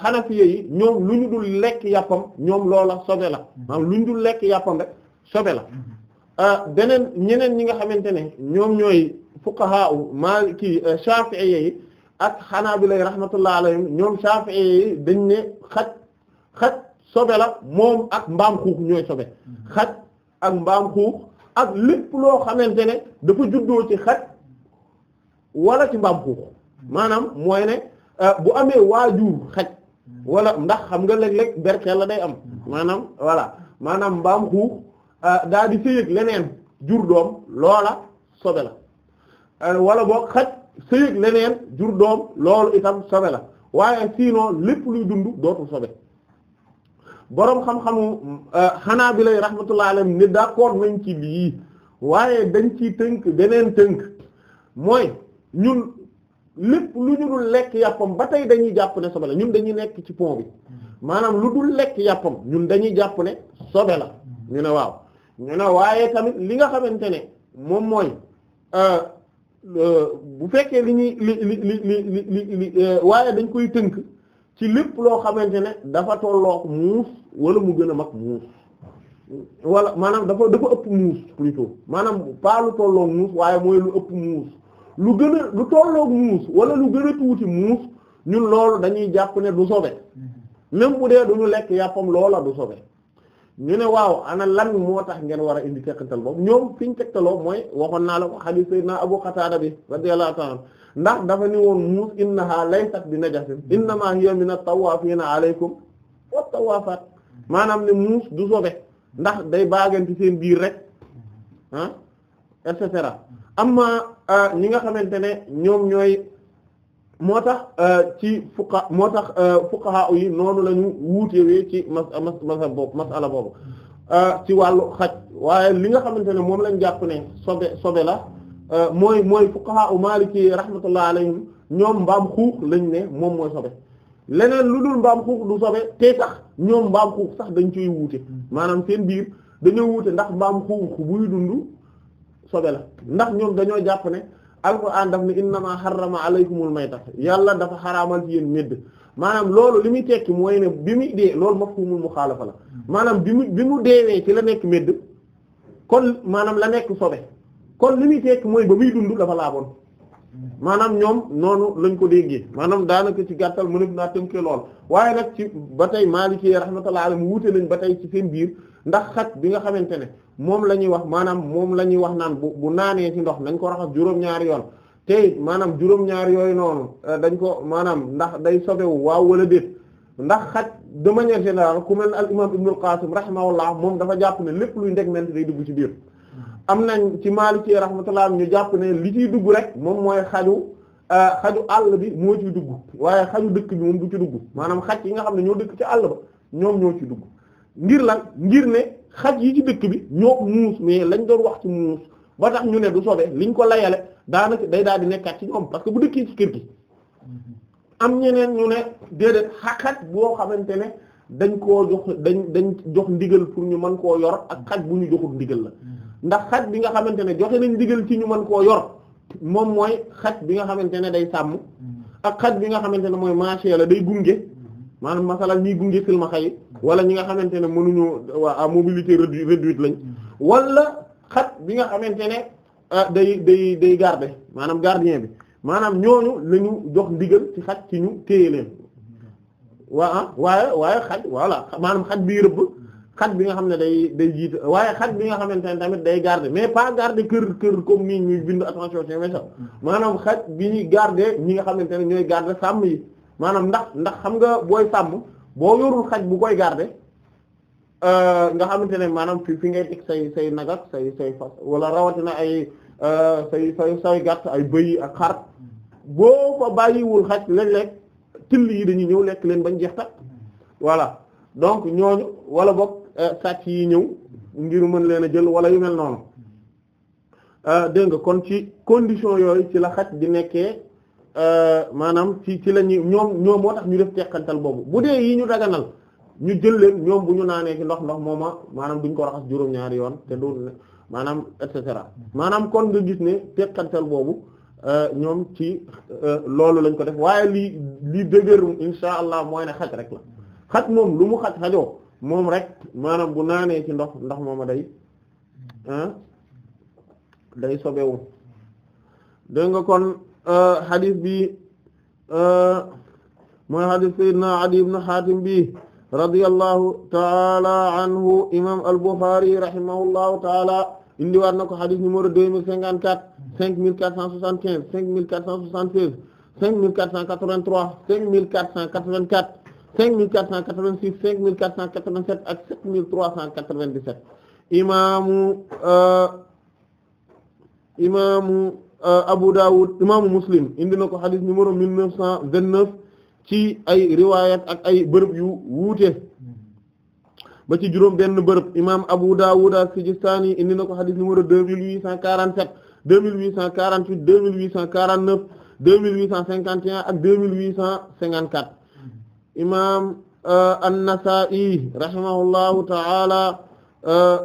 xanafiye ñoom lu ñu dul lekk yàppam ñoom loola sobe la mm-hmm. maanaam lu ñu dul lekk yàppam rek sobe la mm-hmm. beneen ñeneen ñi nga xamante ne ñoom ñooy fuqaha u maliki shafi'iyye yi ak xanaabila yi rahmatullah alayhim ñoom shafi'iyye yi dañ ne xaj xaj sobe la moom ak mbaam xuux ñooy sobe mm-hmm. xaj ak mbaam xuux ak lépp loo xamante ne dafa juddoo ci xaj wala ci mbaam xuux maanaam mooy ne euh, bu amee waa waajur xaj wala ndax xam nga léeg-léeg berkeel la day am maanaam voilà maanaam mbaam xuux euh, daa di sëyeeg leneen jur doom loola sobe la euh, wala boo xaj sëyeeg leneen jur doom loolu itam sobe la waaye sinon lépp luy dund dootul sobe boroom xam-xamu xanaa euh, bi lay rahmatullah alayhi ni d'accord nañ ci lii waaye dañ ciy tënk beneen tënk mooy ñun lépp lu ñu dul lekk yàppam ba tey dañuy jàpp ne sobe la ñun dañuy nekk ci pont bi lu dul lekk yàppam ñun dañuy jàpp ne la ñu ne waaw ñu ne waaye tamit li nga xamante ne moom mooy euh, euh, bu fekkee li ñuy li li li li li waaye dañ koy tënk ci lépp loo xamante ne dafa tollook muus wala mu gën a mag muus wala maanaam dafa dafa ëpp muus plutôt maanaam pas lu tollook muus waaye mooy lu ëpp muus lu gën a lu tollook muus wala lu gën a tuuti muus ñun loolu dañuy jàpp ne du sobe mm-hmm. même bu dee duñu lekk yàppam loola du sobe ñu ne waaw ana lan moo tax ngeen war a indi tekkatal boobu ñoom fi ñu tegtaloo mooy waxoon naa la ko xadiis Seydina Abu Qatada bi radiyallahu ta'ala ndax dafa ni woon muus innaha laysat bi najasin innama hiya min at na alaykum wat-tawafat maanaam ne muus du sobe ndax day baaganti seen biir rek ah, et cetera amma euh, ñi nga xamante ne ñoom ñooy moo tax euh, ci fuqa moo tax euh, fuqaha yi noonu lañu ñu ci mas boobu masala boobu ci wàllu xaj waaye li nga xamante ne moom lañ jàpp ne sobe sobe la Euh, mooy mooy fuqaha u maliki rahmatullah alayhim ñoom mbaam xuux lañ ne moom mooy sobe leneen lu dul mbaam xuux du sobe te tax ñoom mbaam xuux sax dañ ciy wuute maanaam seen biir dañoo wuute ndax mbaam xuux buy dund sobe la ndax ñoom dañoo jàpp ne alquran daf ne innama harrama alaykumul mayta yàlla dafa xaraamal ci yéen maanaam loolu li muy tekki mooy ne bi muy dee loolu mafhumul muxaalafa la maanaam bi mu bi mu deewee ci la nekk médd kon maanaam la nekk sobe kon li muy tekk mooy ba muy dund dafa laaboon maanaam ñoom noonu lañ ko déggee maanaam daanaka ci gàttal mënaf naa tënkee lool waaye nag ci ba tey Maliki rahmatullahi mu wuute nañ ba tey ci seen biir ndax xaj bi nga xamante ne moom la ñuy wax maanaam moom la ñuy wax naan bu bu naanee ci ndox nañ ko raxas juróom-ñaari yoon te maanaam juróom-ñaari yooyu noonu eh, dañ ko maanaam ndax day sobewu waaw wala déet ndax xaj de manière générale ku mel al imam Ibnul Qasim rahimahullah moom dafa jàpp ne lépp luy ndeg ment dugg ci biir am nañ ci Maliki rahmatullah ñu jàpp ne li ciy dugg rek moom mooy xaju euh, xaju àll bi moo ciy dugg waaye xaju dëkk bi moom ci dugg maanaam xaj yi nga xam ne ñoo dëkk ci àll ba ñoom ñoo ci dugg ngir lan ngir ne xaj yi ci dëkk bi ñoo muus lañ doon wax ci muus ñu ne du sobe liñ ko layale daanaka day daal di nekkaat ci ñoom parce que bu dëkkee ci kër gi am ñeneen ñu ne déedéet xaj boo xamante ne dañ koo jox dañ dañ jox ndigal pour ñu mën koo yor ak xaj bu ñu joxul ndigal la ndax xaj bi nga xamante ne joxe nañ digal ci ñu mën koo yor moom mooy xaj bi nga xamante ne day sàmm ak xaj bi nga xamante ne mooy marché day gunge maanaam masalal ñiy gunge silmaxa yi wala ñi nga xamante ne mënuñu waa à mobilité réduite lañ wala xaj bi nga xamante ne euh, day day day garder maanaam gardien bi maanaam ñooñu lañu jox ndigal ci xaj ci ñu téye leen waa ah waaye waaye xaj voilà maanaam xaj bi rëbb xaj bi nga xam ne day day jiite waaye xaj bi nga xamante ne tamit day garder mais pas garder kër kër comme ni ñuy bindu attention c'est méchant mm-hmm. maanaam xaj bi ñuy garder ñi nga xamante ne ñooy garder sàmm yi maanaam ndax ndax xam nga booy sàmm boo yorul xaj bu koy garder euh, nga xamante ne maanaam fi fi ngay teg say say say say fas wala rawatina ay euh, say say say gàtt ay bëy ak xar mm-hmm. boo ko bàyyiwul xaj léeg-léeg till yi dañuy ñëw lekk leen bañ jeex tak mm-hmm. voilà donc ñooñu wala boog Euh, sàcc yi ñëw ngir mën leen a jël wala yu mel noonu euh, dégg nga kon ci condition yooyu ci la xaj di nekkee euh, maanaam ci ci la ñuy ñoom ñoom moo tax ñu def teqantal boobu bu dee yi ñu daganal ñu jël leen ñoom bu ñu naanee ci ndox ndox mooma maanaam duñ ko raxas juróom-ñaari yoon te du maanaam et cetera maanaam kon nga gis ne teqantal boobu ñoom ci loolu lañ ko def waaye lii li dëgërum insha allah mooy ne xaj rek la xaj moom lu mu xaj xajoo moom rek maanaam bu naanee ci ndox ndox mooma day ah, day sobewu dégg nga kon xadis euh, bi euh, mooy xadis sayyidina Adi ibn Hatim bi radiyallahu taala anhu imam al-Bukhari rahimahullahu taala indiwaat na ko xadis numéro deux mille cinquante quatre cinq mille quatre cinq mille quatre cinq quatre vingt trois cinq mille quatre cent quatre vingt quatre cinq mille quatre cent quatre-vingt-six cinq mille quatre cent quatre-vingt-sept ak sept mille trois cent quatre-vingt-dix-sept imaamu euh, euh, Abu Dawud imaamu Muslim indi na ko xadis numéro mille neuf cent vingt-neuf ci ay riwayat ak ay bërëb yu wuute ba ci juróom benn bërëb imaam Abu Dawud as-Sijistani indi na ko xadis numéro deux mille huit cent quarante-sept deux mille huit cent quarante-huit deux mille huit cent cinquante et un ak deux mille huit cent cinquante-quatre imaam uh, an-Nasaa'i rahimahullahu ta'ala uh,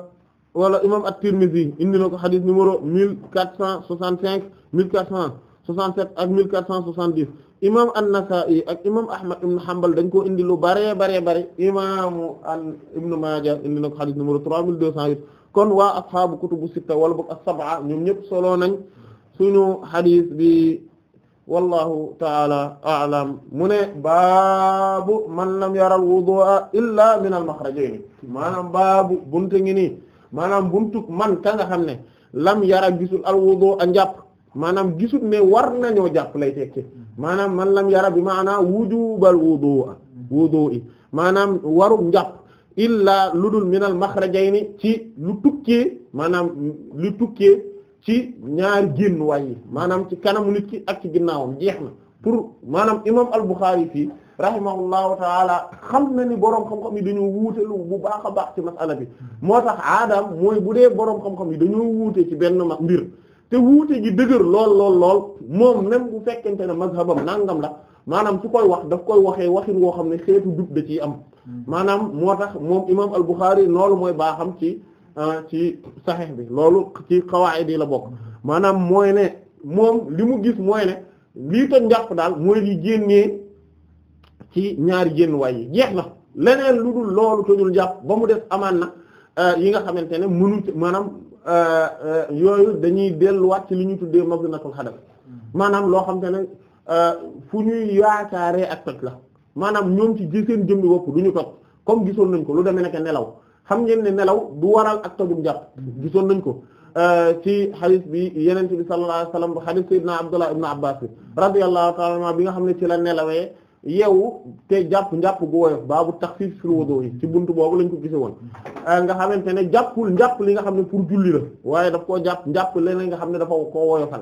wala imaam at-Tirmidhi indi na ko xadis numéro mille quatre cent soixante cinq mille quatre cent soixante sept ak mille quatre cent soixante dix imaam an-Nasaa'i ak imaam Ahmad ibn Hanbal dañ koo indi lu bare bare bare imaamu an ibn Maaja indi na ko xadis numéro trois mille deux cent huit kon waa ashaabu kutubu sitta wala boog as-sab'a ñoom ñëpp solo nañ suñu xadis wallahu taala aalam mu ne baabu man lam yaral wudu'a illa min al makhrajayn maanaam baabu buntu ngi nii maanaam buntu man ka nga xam ne lam yara gisul al wudu'a njàpp maanaam gisul ne war nañoo jàpp lay tekki maanaam man lam yara bi maanaa wujubal wudu'a wudu'i maanaam waru njàpp illaa lu dul min al makhrajayn ci lu tukkee maanaam lu ci ñaari génn yi maanaam ci kanamu nit ki ak ci ginnaawam jeex na pour maanaam imam al-Bukhari fii rahimahullahu taala xam na ni boroom xam-xam yi dañoo lu bu baax a baax ci masala bi moo tax aadam mooy bu dee boroom xam-xam yi dañoo wuute ci benn mbir te wuute gi dëgër lool lool lool moom même bu fekkente ne mazhabam nangam la maanaam su koy wax daf koy waxee waxin woo xam ne xeetu dub da ciy am hmm. maanaam moo tax moom imam al-Bukhari loolu mooy baaxam ci Ah, ci saxiix bi loolu ci xawaayid yi la bokk maanaam mooy ne moom li mu gis mooy ne lii toj njàpp daal mooy li génnee ci ñaari génn waay yi jeex na leneen lu dul loolu tojul njàpp ba mu des amaan na ah, yi nga xamante ne mënu maanaam ah, yooyu dañuy delluwaat ci li ñu tuddee mabnatul hadaf maanaam loo xam te ne fu ñuy yaakaaree ak toj la maanaam ñoom ci seen jëmmi bopp du ñu toj comme gisoon nañ ko lu demee nekk nelaw xam ngeen ne nelaw du waral ak tabug jàpp gisoon nañ ko euh, ci xadis bi yeneen yenente bi sallallahu alayhi wasallam xadis sayyidina Abdullah ibn Abbas bi radiyallahu ta'ala bi nga xam ne ci la nelawee yeewu te jàpp njàpp gu woyof baabu taxfiif fil wudu yi ci bunt boobu lañ ko gise woon euh, nga xamante ne jàppul njàpp li nga xam ne pour julli la waaye daf koo jàpp njàpp leneen nga xam ne dafa koo woyofal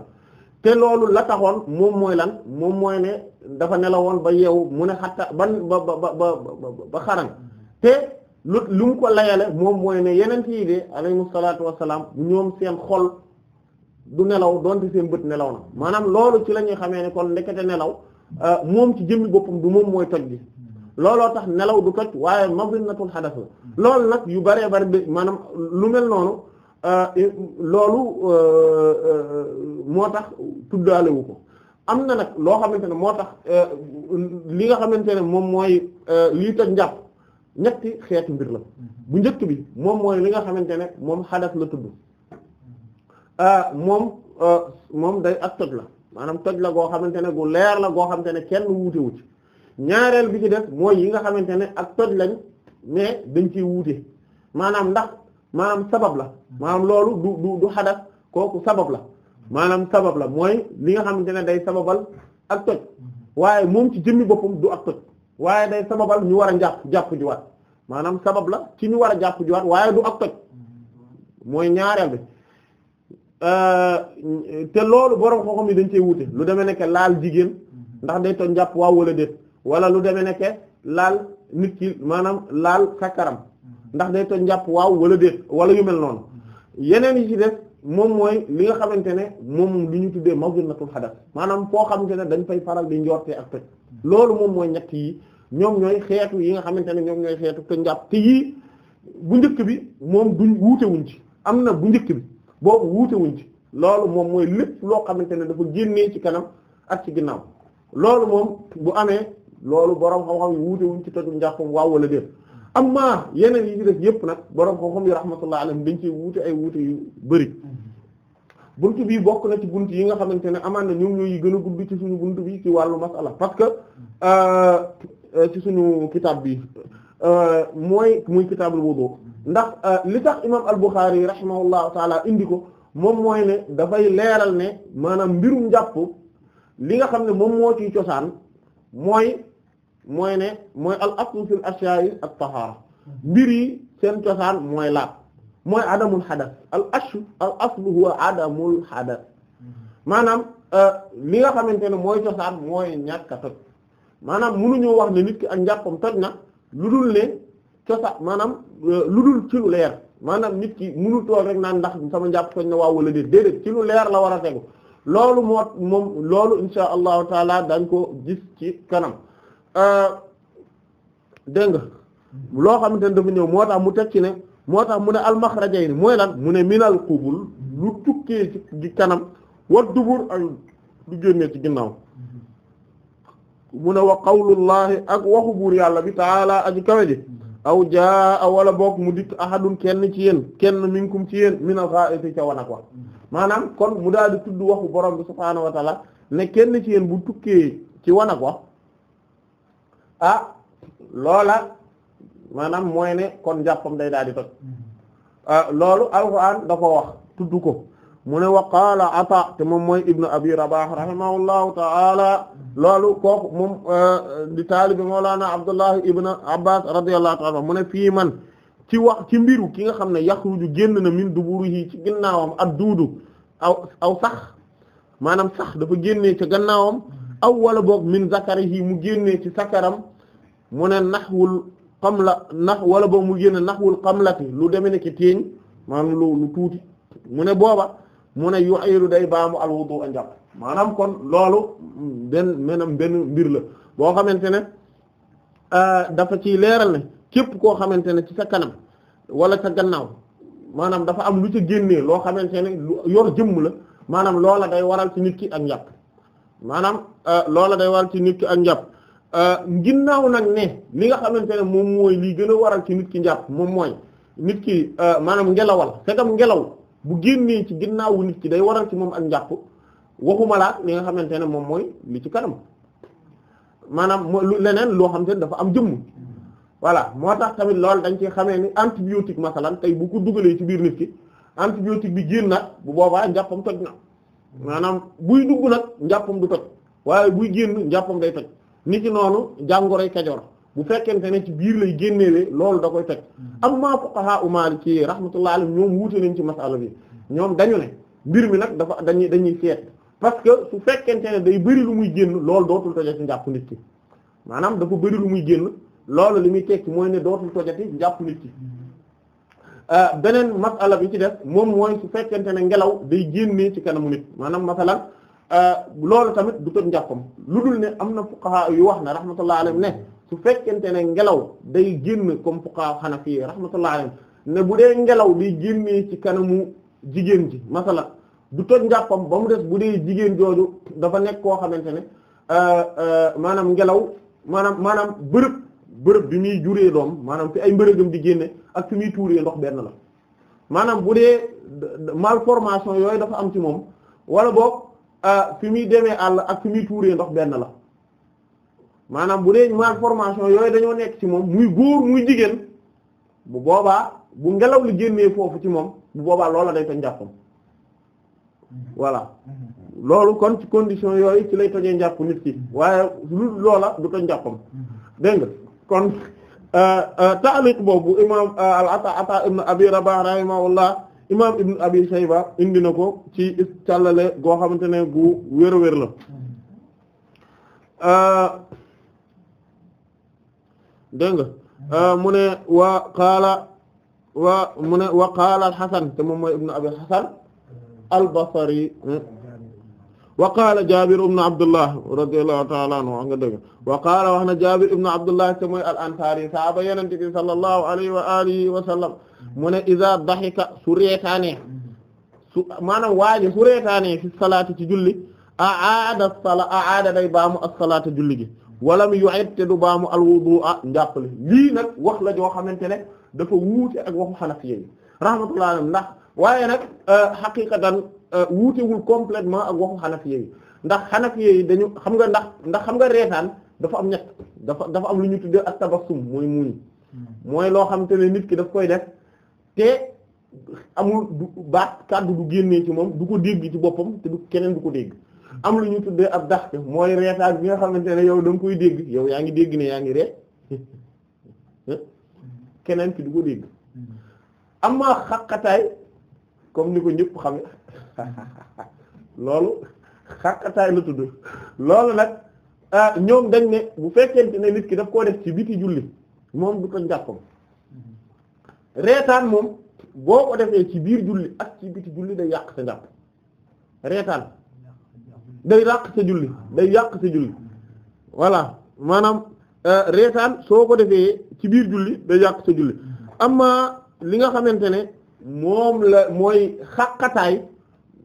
te loolu la taxoon moom mooy lan moom mooy ne dafa nelawoon ba yeewu mu ne xatta ban ba ba ba ba xaran te lu lu mu ko layale moom mooy ne yeneen yi de alayhimu salaatu wassalaam ñoom seen xol du nelaw donte seen bët nelaw na maanaam loolu ci la ñuy xamee ne kon ndekete nelaw euh, moom ci jëmmi boppam du moom mooy toj gi looloo tax nelaw du toj waaye madinatul xadas la loolu nag yu baree bari bi maanaam lu mel noonu euh, loolu euh, moo tax tuddaalewu ko am na nag loo xamante ne moo tax li nga xamante ne moom mooy lii toj njàpp ñetti xeetu mbir la mm-hmm. bu njëkk bi moom mooy li nga xamante ne moom xadas la tudd mm-hmm. ah, moom ah, moom day ak toj la maanaam toj la goo xamante ne gu leer la goo xamante ne kenn wuute wu ci ñaareel bi ci def mooy yi nga xamante ne ak toj lañ mais dañ ciy wuute maanaam ndax maanaam sabab la mm-hmm. maanaam loolu du du du xadas kooku sabab la maanaam sabab la mooy li nga xamante ne day sababal ak toj waaye moom ci jëmmi boppam du ak toj waaye day sababal ñu war a jàpp jàpp juwaat maanaam sabab la ci ñu war a jàpp juwaat waaye du ak toj mooy ñaareel bi euh, te loolu borom xam-xam yi dañ cee wuute lu demee nekke laal jigéen ndax day toj jàpp waaw wala déet wala lu demee nekke laal nit ki maanaam laal sakaram ndax day jàpp waaw wala déet wala yu mel noonu yeneen yi ci def moom mooy li nga xamante ne moom li ñu tuddee mazunnatul xadas maanaam foo xamante ne dañ fay paral di njortee ak toj loolu moom mooy ñett yi ñoom ñooy xeetu yi nga xamante ne ñoom ñooy xeetu te njàpp te bu njëkk bi moom duñ wuute ci am na bu boobu wuute ci loolu moom mooy lépp loo xamante ne dafa génnee ci kanam ak ci ginnaaw loolu moom bu amee loolu boroom xam-xam yi wuute wuñ ci toju njàppam waaw wala déet amma yeneen yi ñu def yëpp nag borom xam-xam yi rahmatullah alayhim dañ ci wuute ay wuute yu bëri buntu bii bokk na ci buntu yi nga xamante ne amaan na ñoom ñooy gën a gudd ci suñu buntu bi ci wàllu masala parce que euh, ci suñu kitaab bi euh, mooy muy kitaabul wudu ndax euh, li tax imaam al-Bukhari rahimahullahu taala indi ko moom mooy ne dafay leeral ne maanaam mbirum njàpp li nga xam ne moom moo ciy cosaan mooy. mooy ne mooy al aslu fil ashya'i at tahara mbir yi seen cosaan mooy laab mooy adamul xadas al aslu al aslu huwa adamul xadas maanaam euh, li nga xamante ne mooy cosaan mooy ñàkk a toj maanaam mënuñoo wax ne nit ki ak njàppam toj na lu dul ne cosaan maanaam euh, lu dul ci lu leer maanaam nit ki mënu tool rek naan ndax sama njàpp toj na waaw wala déet déedéet ci lu leer la war a tegu loolu moo moom loolu insha allahu taala dañ ko gis ci kanam Euh, dégg nga loo xamante ne dafa ñëw moo tax mu teg ci ne moo tax mu ne almaxrajayni mooy lan mu ne minal qubul lu tukkee ci kanam wa dubur ak lu génnee ci ginnaaw mu ne wa qawlullahi ak waxu buur yàlla bi taala aji kawe ji aw jaa a wala boog mu dikk ahadun kenn ci yéen kenn minkum ci yéen minal gha'iti ca wanak wa maanaam kon mu daal di tudd waxu borom bi subhaanahu wa taala ne kenn ci yéen bu tukkee ci wanak wa Ah, loola maanaam mooy ne kon njàppam day daal di toj mm-hmm. ah, loolu alxuraan da ko wax tudd ko mu ne wa qaala ata te moom mooy ibnu abi rabah rahimahullahu taala mm-hmm. loolu kooku moom eh, di taalibi mawlana abdullah ibnu abbas radiyallahu taala mu ne fii man ci wax ci mbiru ki nga xam ne yaxruju génn na min duburihi ci gannaawam ak duudu aw sax maanaam sax dafa génnee ci gannaawam mm-hmm. aw wala boog min zakarihi mu génnee ci sakaram mu ne naxwul xamla nax wala boobu mu génne naxwul xamlati lu deme ne ki téeñ maanaam lu lu tuuti mu ne booba mu ne yu ayru day baamu alwudu a njàpp maanaam kon loolu benn maanaam benn mbir la boo xamante ne euh, dafa ci leeral ne képp koo xamante ne ci sa kanam wala sa gannaaw maanaam dafa am lu ci génnee loo xamante ne lu yor jëmm la maanaam loola day waral ci nit ki ak njàpp maanaam euh, loola day waral ci nit ki ak njàpp Euh, ginnaaw nag ne li nga xamante ne moom mooy lii gën a waral ci nit ki njàpp moom mooy nit ki euh, maanaam ngelawal fegam ngelaw bu génnee ci ginnaawu nit ki day waral ci moom ak njàpp waxuma laa li nga xamante ne moom mooy li ci kanam maanaam lu leneen loo xamante ne dafa am jëmm voilà moo tax tamit loolu dañ ci xamee ni antibiotique masalan tey bu ko dugalee ci biir nit ki antibiotique bi génn nag bu boobaa njàppam toj na maanaam buy dugg nag njàppam du toj waaye buy génn njàppam day toj nit ki noonu jàngoroy Kajoor bu fekkente ne ci biir lay génnewee loolu da koy teg mm-hmm. amma fuqaha u Maliki rahmatullahi alayhim ñoom wuute nañ ci masala bi ñoom dañu ne mbir mi nag dafa dañuy dañuy seet parce que su fekkente ne day bëri lu muy génn loolu dootul tojati njàpp nit ki maanaam dafa bëri lu muy génn loolu li muy tekk mooy ne dootul tojati njàpp nit ki mm-hmm. euh, beneen masala bi ci def moom mooy su fekkente ne ngelaw day génnee ci kanamu nit maanaam masalan Euh, loolu tamit du toj njàppam lu dul ne am na fuqaha yu wax na rahmatullah alayhim ne su fekkente ne ngelaw day génn comme fuqaha hanafi rahmatullah alayhim ne bu dee ngelaw day génnee ci kanamu jigéen ji masala du toj njàppam ba mu bu dee jigéen jooju dafa nekk koo xamante ne euh, euh, maanaam ngelaw maanaam maanaam bërëb bërëb bi muy juree doom maanaam fi ay mbërëgam di génne ak fi muy tuuree ndox benn la maanaam bu dee malformation yooyu dafa am ci moom wala boog Ah, fi muy demee àll ak fi muy tuuree ndox benn la maanaam bu dee malformation yooyu dañoo nekk ci moom muy góor muy jigéen bu boobaa bu ngelaw li génnee foofu ci moom bu boobaa loola day toj njàppam voilà loolu kon ci condition yooyu ci lay tojee njàpp nit ki waaye lu loola du toj njàppam dégg nga kon ah, ah, taaliq boobu imam al ata ata ibn abi rabah rahimahullah imaam Ibn Abi Shayba indi na ko ci càllale goo xamante ne gu wér wér euh, dégg nga euh, mu ne wa qaala wa mu ne wa qaala al te moom mooy Ibn Abi Hasan al-Basri hmm. wa qaala Jaabir ibn Abdullah radiyallahu ta'ala anhu nga dëgg wa qaala wax na Jaabir ibn Abdullah te mooy al-Ansaari sahaaba Yonent bi sallallahu alayhi wa alihi wa sallam mu ne iza dahika su reetaane su maanaam waaji su reetaane fi salaati ci julli a'aada sala a'aada day baamu as-salaata julli gi walam yu'id te du baamu al-wudu'a njàppale lii nag wax la joo xamante ne dafa wuute ak waxu Hanafi yi rahmatullahi alayhim ndax waaye nag euh, haqiqatan Euh, wuutewul complètement ak waxu xanafiye yi ndax xanafiye yi dañu xam nga ndax ndax xam nga reetaan dafa am ñett dafa dafa am lu ñu tuddee ak tabassum mooy muuñ mooy loo xam ne nit ki daf koy def te amul du baat kàddu du génnee ci moom du ko dégg ci boppam te keneen du ko dégg am lu ñu tuddee ab dax mooy reetaan bi nga xamante ne yow da koy dégg yow yaa ngi dégg ne yaa <laughs> keneen ki du ko dégg hmm. amaa xaqataay comme ni ko ñëpp xame <laughs> loolu xàqataay la tudd loolu nag ah, ñoom dañ ne bu fekkente ne nit ki def koo def ci biti julli moom du ko njàppam reetaan moom boo ko defee ci biir julli ak ci biti julli day yàq sa njàpp reetaan day yàq sa julli day yàq voilà maanaam euh, reetaan soo ko defee ci biir julli day yàq sa julli amma li nga xamante ne moom la mooy xàqataay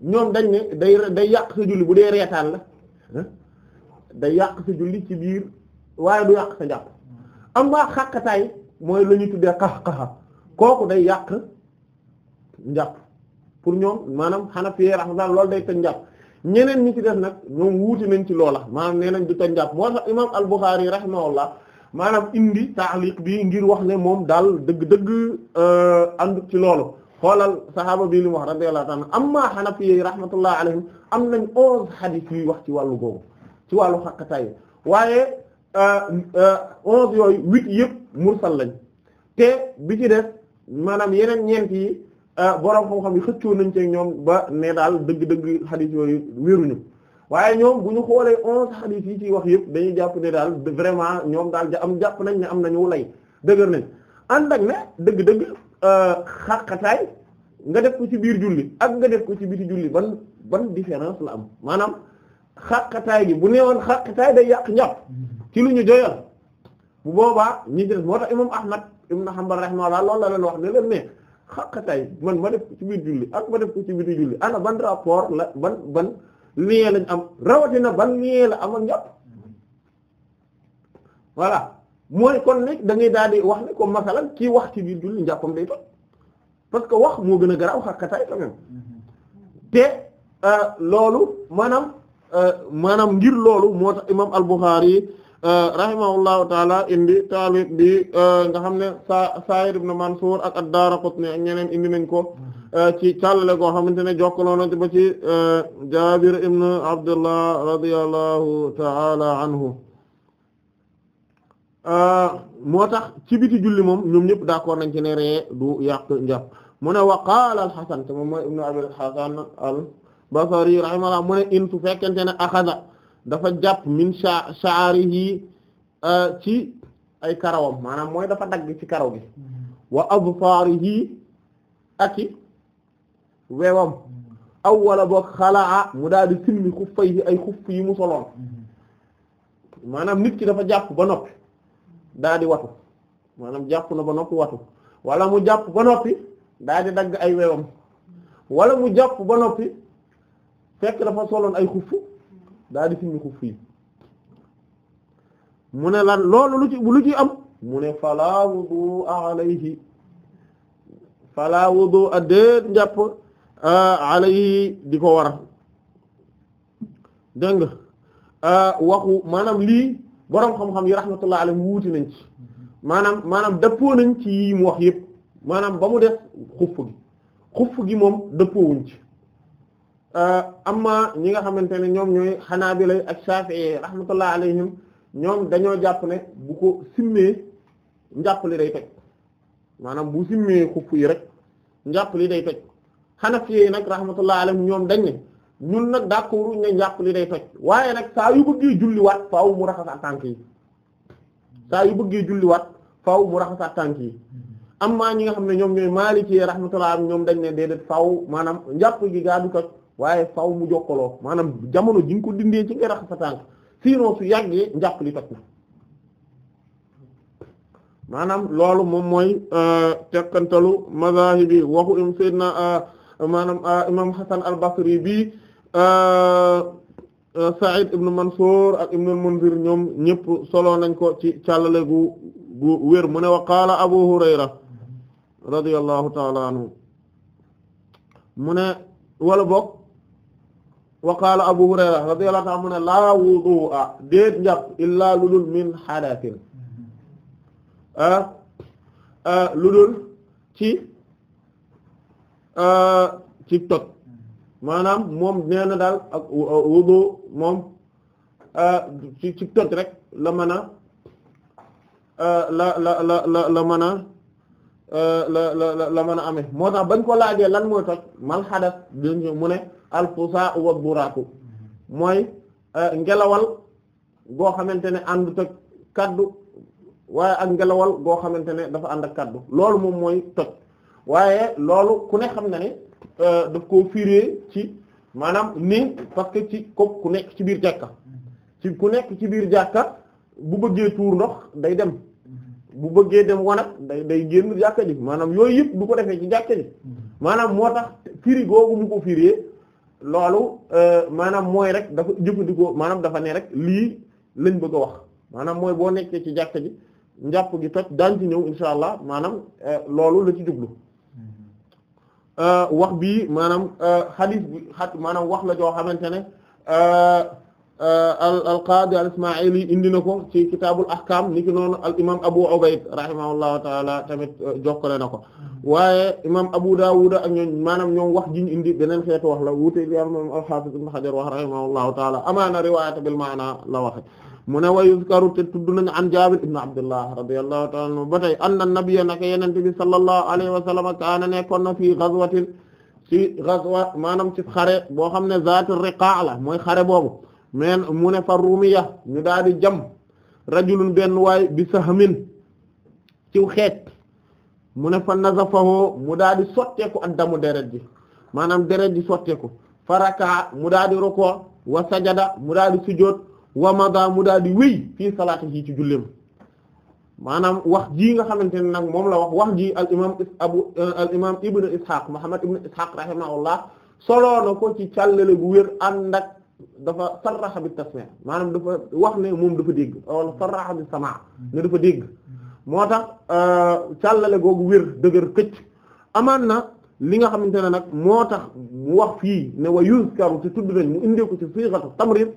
ñoom dañ ne day day yàq sa julli bu dee reetaan la ah, day yàq sa julli ci biir waaye du yàq sa njàpp am maa xàqtaay mooy la ñuy tuddee xax-xaxa kooku day yàq njàpp pour ñoom maanaam Hanafi rahmatullah loolu day toj njàpp ñeneen ñi ci def nag ñoom wuuti nañ ci loola maanaam nee nañ du toj njàpp moo tax imaam al-Bukhari rahimahullah maanaam indi taaliq bi ngir wax ne moom daal dëgg-dëgg euh, ànd ci loolu xoolal saxaaba bii li mu wax radiyallahu ta'ala amma Hanafi yi rahmatullah alayhim am nañ onze hadith yuy wax ci wàllu boobu ci wàllu xaqataay waaye euh, euh, onze yooyu huit yëpp mursal lañ te bi ci def maanaam yeneen ñeent yi euh, borom xam-xam yi xëccoo nañ ci ñoom ba ne daal dëgg-dëgg hadith yooyu wéruñu waaye ñoom bu ñu xoolee onze hadith yi ciy wax yëpp dañuy jàpp ne daal vraiment ñoom daal am jàpp nañ ne am nañu lay dëgër nañ. ànd ak ne dëgg-dëgg euh, xàqataay nga def ko ci biir julli ak nga def ko ci biti julli ban ban différence la am maanaam xaqataay gi bu neewoon xàqataay day yàq njàpp ci lu ñu joyal bu boobaa ñi def moo tax imam ahmad ibn hanbal rahimahullah loolu la leen wax ne leen ne xàqataay man ma def ko ci biir julli ak ma def ko ci biti julli ana ban rapport la ban ban lien lañ am rawatina ban lien la am ak njàpp voilà mooy kon nag da ngay daal di wax ne comme masalan kii wax ci biir julli njàppam day toj parce que wax moo gën a garaaw xàqataay quand même te euh, loolu maanaam euh, maanaam ngir loolu moo tax imam al-Bukhari euh, rahimahullahu taala indi taalib bi nga xam ne sa Sa'id ibn Mansur ak ad-Daraqutni ak ñeneen indi nañ ko ci càllale goo xamante ne jokkaloo na ba ci Jabir ibn Abdullah radiyallahu taala anhu Euh, moo tax ci biti julli moom ñoom ñëpp d'accord nañ ci ne du yàq njàpp mu ne wa qaala al-Hasan te moom mooy ibnu Abi al al-Basri rahimahullah mu ne in su fekkente ne axada dafa jàpp min sa sha'rihi euh, ci ay karawam maanaam mooy dafa dagg ci karaw gi wa absaarihi ak i weewam aw wala boog xalaa mu daal di simmi xuffay yi ay xuff yi mu soloon maanaam nit ki dafa jàpp ba noppi daa watu maanaam jàpp na ba noppi watu wala mu jàpp ba noppi daa dagg ay wewam wala mu jàpp ba noppi fekk dafa soloon ay xuff daa di simmi xuff yi mu ne lan loolu lu ci lu ci am mu ne fala wudu alayhi fala wudu a déet njàpp di ko war a dégg nga maanaam lii boroom xam-xam yi rahmatullah alayhi wuuti nañ ci maanaam maanaam dëppoo nañ ci yi mu wax yëpp maanaam ba mu def xuff gi xuff gi moom dëppoowuñ ci euh, amma ñi nga xamante ne ñoom ñooy xanaabila ak Shafi'i rahmatullah alayhim ñoom dañoo jàpp bu ko simmee njàpp day toj maanaam bu simmee xuff yi rek njàpp li day toj Hanafi nag rahmatullah alayhim ñoom dañ ne ñun nag d'accord ne njàpp li day toj waaye nag saa yu bëggee julliwaat faaw mu raxasaat tànk yi saa yu bëggee julliwaat faw mu raxasaat tànk yi am amma ñi nga xam ne ñoom ñooy Maliki rahmatullah ñoom dañ ne déedéet faw maanaam njàpp gi gaa du toj waaye faw mu jokkaloo maanaam jamono ji nga ko dindee ci nga raxas sa tànk sinon su yàggee njàpp li toj na maanaam loolu moom mooy euh, tekkantalu mazahib yi waxu im sayyidna euh, maanaam euh, imam Hasan al bi Euh, euh, Sa'id ibn Mansuur ak ibn ñoom ñëpp solo nañ ko ci càllale gu gu wér mu ne wa qaala Abu ne wala bokk wa qaala Abu Hurayra radiyallahu ta'ala mu ne laa wudu'a déet njàpp illaa ludul min hadathin euh, ludul ci ci toj maanaam moom nee na daal ak uh, wudu moom uh, ci ci toj rek la mën a uh, la la la la la mën a la la la mën a amee moo tax bañ ko laajee lan mooy toj mal xadas dinañ mu ne alfusa wa buraku mooy ngelawal goo xamante ne ànd toj kaddu waaye ak ngelawal goo xamante ne dafa ànd ak kaddu loolu moom mooy toj waaye loolu ku ne xam na ne Euh, daf ko firé ci maanaam ni parce ci ko ku nekk ci biir jàkka ci ku nekk ci biir jàkka bu bëggee tuur ndox day dem bu bëggee dem wanag day day génn jàkka ji maanaam yooyu yëpp du ko defee ci jàkka ji maanaam moo tax firi googu mu ko firé loolu euh, maanaam mooy rek dafa jëfandikoo maanaam dafa ne rek lii lañ bëgg a wax maanaam mooy boo nekkee ci jàkka ji njàpp gi toj daan ci ñëw insha allah maanaam euh, loolu la ci jublu Euh, wax bii maanaam xadis euh, bi maanaam wax la joo xamante ne euh, al qaadi al ismaili indi na ko ci kitaabul ahkaam ni ki noonu al imam abu ubayd rahimahullahu taala tamit jokkale na ko waaye imam abu daawud ak ñoom maanaam ñoom wax jiñ indi beneen xeetu wax la wuute li al xaafiz ibn hajar wax rahimahullahu taala amaana riwaayata bil maana la waxe mu ne wa yuzkaru te tudd nañu an Jaabir ibn Abdullah radiyallahu ta'ala anhu ba tey anna na naka yonent bi sallallahu alayhi wa sallam kaana nekkoon na fii ghazwatin ci ghazwa maanaam ci xare boo xam ne zaatu riqaa la mooy xare boobu men mu ne fa rumiya ñu daal di jam rajulun benn waay bi sahmin ci xeet mu ne fa nazafahu mu daal di sotteeku addamu deret ji maanaam deret ji sotteeku fa raka mu daal di roko wa sajada mu daal di sujjóot wa mada mu daal di wéy fii salaatihi ci julleem maanaam wax jii nga xamante ne nag moom la wax wax ji al imam abu euh, al imam ibn ishaq muhammad ibn ishaq rahimahullah soloo na ko ci càllale gu wér ànd ak dafa sarraxa bi tasmi maanaam dafa wax ne moom dafa dégg wala bi sama dafa dégg tax euh, càllale googu wér dëgër këcc amaan na li nga xamante ne nag moo tax mu wax fii ne wa yuzkaru te tudd nañ mu indee ko ci sighatu tamrid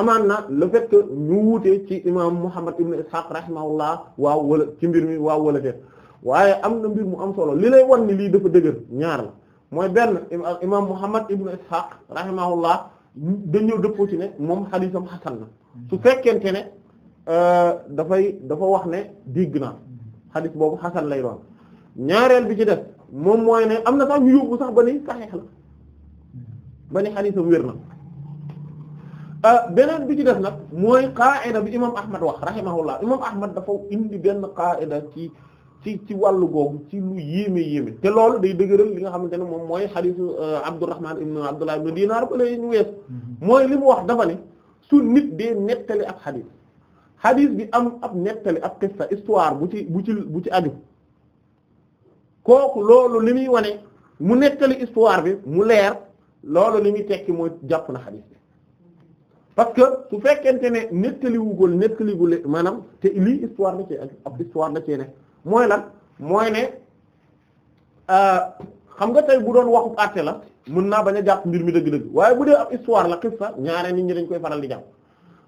amaan na la fait ñu wuute ci imam Muhammad ibn Ishaq rahimahullah waaw wala ci mbir mi waaw wala déet waaye am na mbir mu am solo li lay wan ni lii dafa dëgër ñaar mooy benn imam Muhammad ibn Ishaq rahimahullah dañu dëppoo ci moom xadiisam xasan na su fekkente ne euh, dafay dafa wax ne dégg naa xadiis boobu xasan lay doon ñaareel bi ci def moom mooy ne am na sax ñu yóbbu sax ba ni saxiix la ba ni xadiisam wér na Euh, beneen bi ci def nag mooy qaa'ida bi imam ahmad wax rahimahullah imam ahmad dafa indi benn qaa'ida ci ci ci wàllu googu ci lu yéeme yéeme te loolu day dëgëral li nga xamante ne moom mooy xadiisu euh, abdurrahman ibn abdullah ibn dinar ba lay ñu wees mm-hmm. mooy li mu wax dafa ne su nit dee nettali ab xadiis xadiis bi am ab nettali ab qissa histoire bu ci bu ci bu ci aju kooku loolu li muy wane mu nettali histoire bi mu leer loolu li muy tekki mooy jàpp na xadiis bi parce que su fekkente ne nettaliwugul nettaligule maanaam te lii histoire da cee ab histoire da cee ne mooy lan mooy ne euh, xam nga tey bu doon waxu àtte la mën naa bañ a jàpp mbir mi dëgg-dëgg waaye bu dee ab histoire la xissa ñaare nit ñi dañ koy faral di jàpp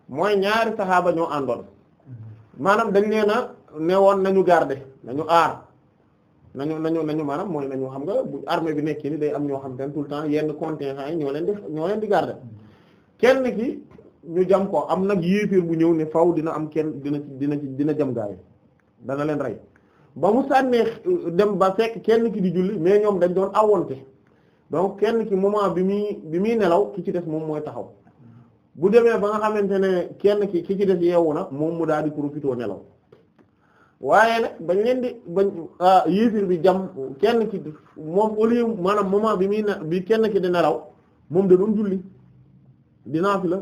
mooy ñaari saxaaba ñoo àndoon maanaam dañ nee na ne woon nañu garder nañu aar nañu nañu nañu maanaam mooy nañu xam nga bu armée bi nekkee ni day am ñoo xam te tout le temps yenn contingent yi ñoo leen ñoo leen di garder ñu jam ko am nag yéeféer bu ñëw ni faw dina am kenn dina ci dina ci dina jam gaay dana leen rey ba mu sànnee dem ba fekk kenn ki di julli mais ñoom dañ doon awonte donc kenn ki moment bi muy bi muy nelaw ki ci des moom mooy taxaw bu demee ba nga xamante ne kenn ki ki ci des yeewu na moom mu daal di profité nelaw waaye nag bañ leen di bañ yéeféer bi jam kenn ki moom au lieu maanaam moment bi bi kenn ki di nelaw moom da doon julli dinaa fi la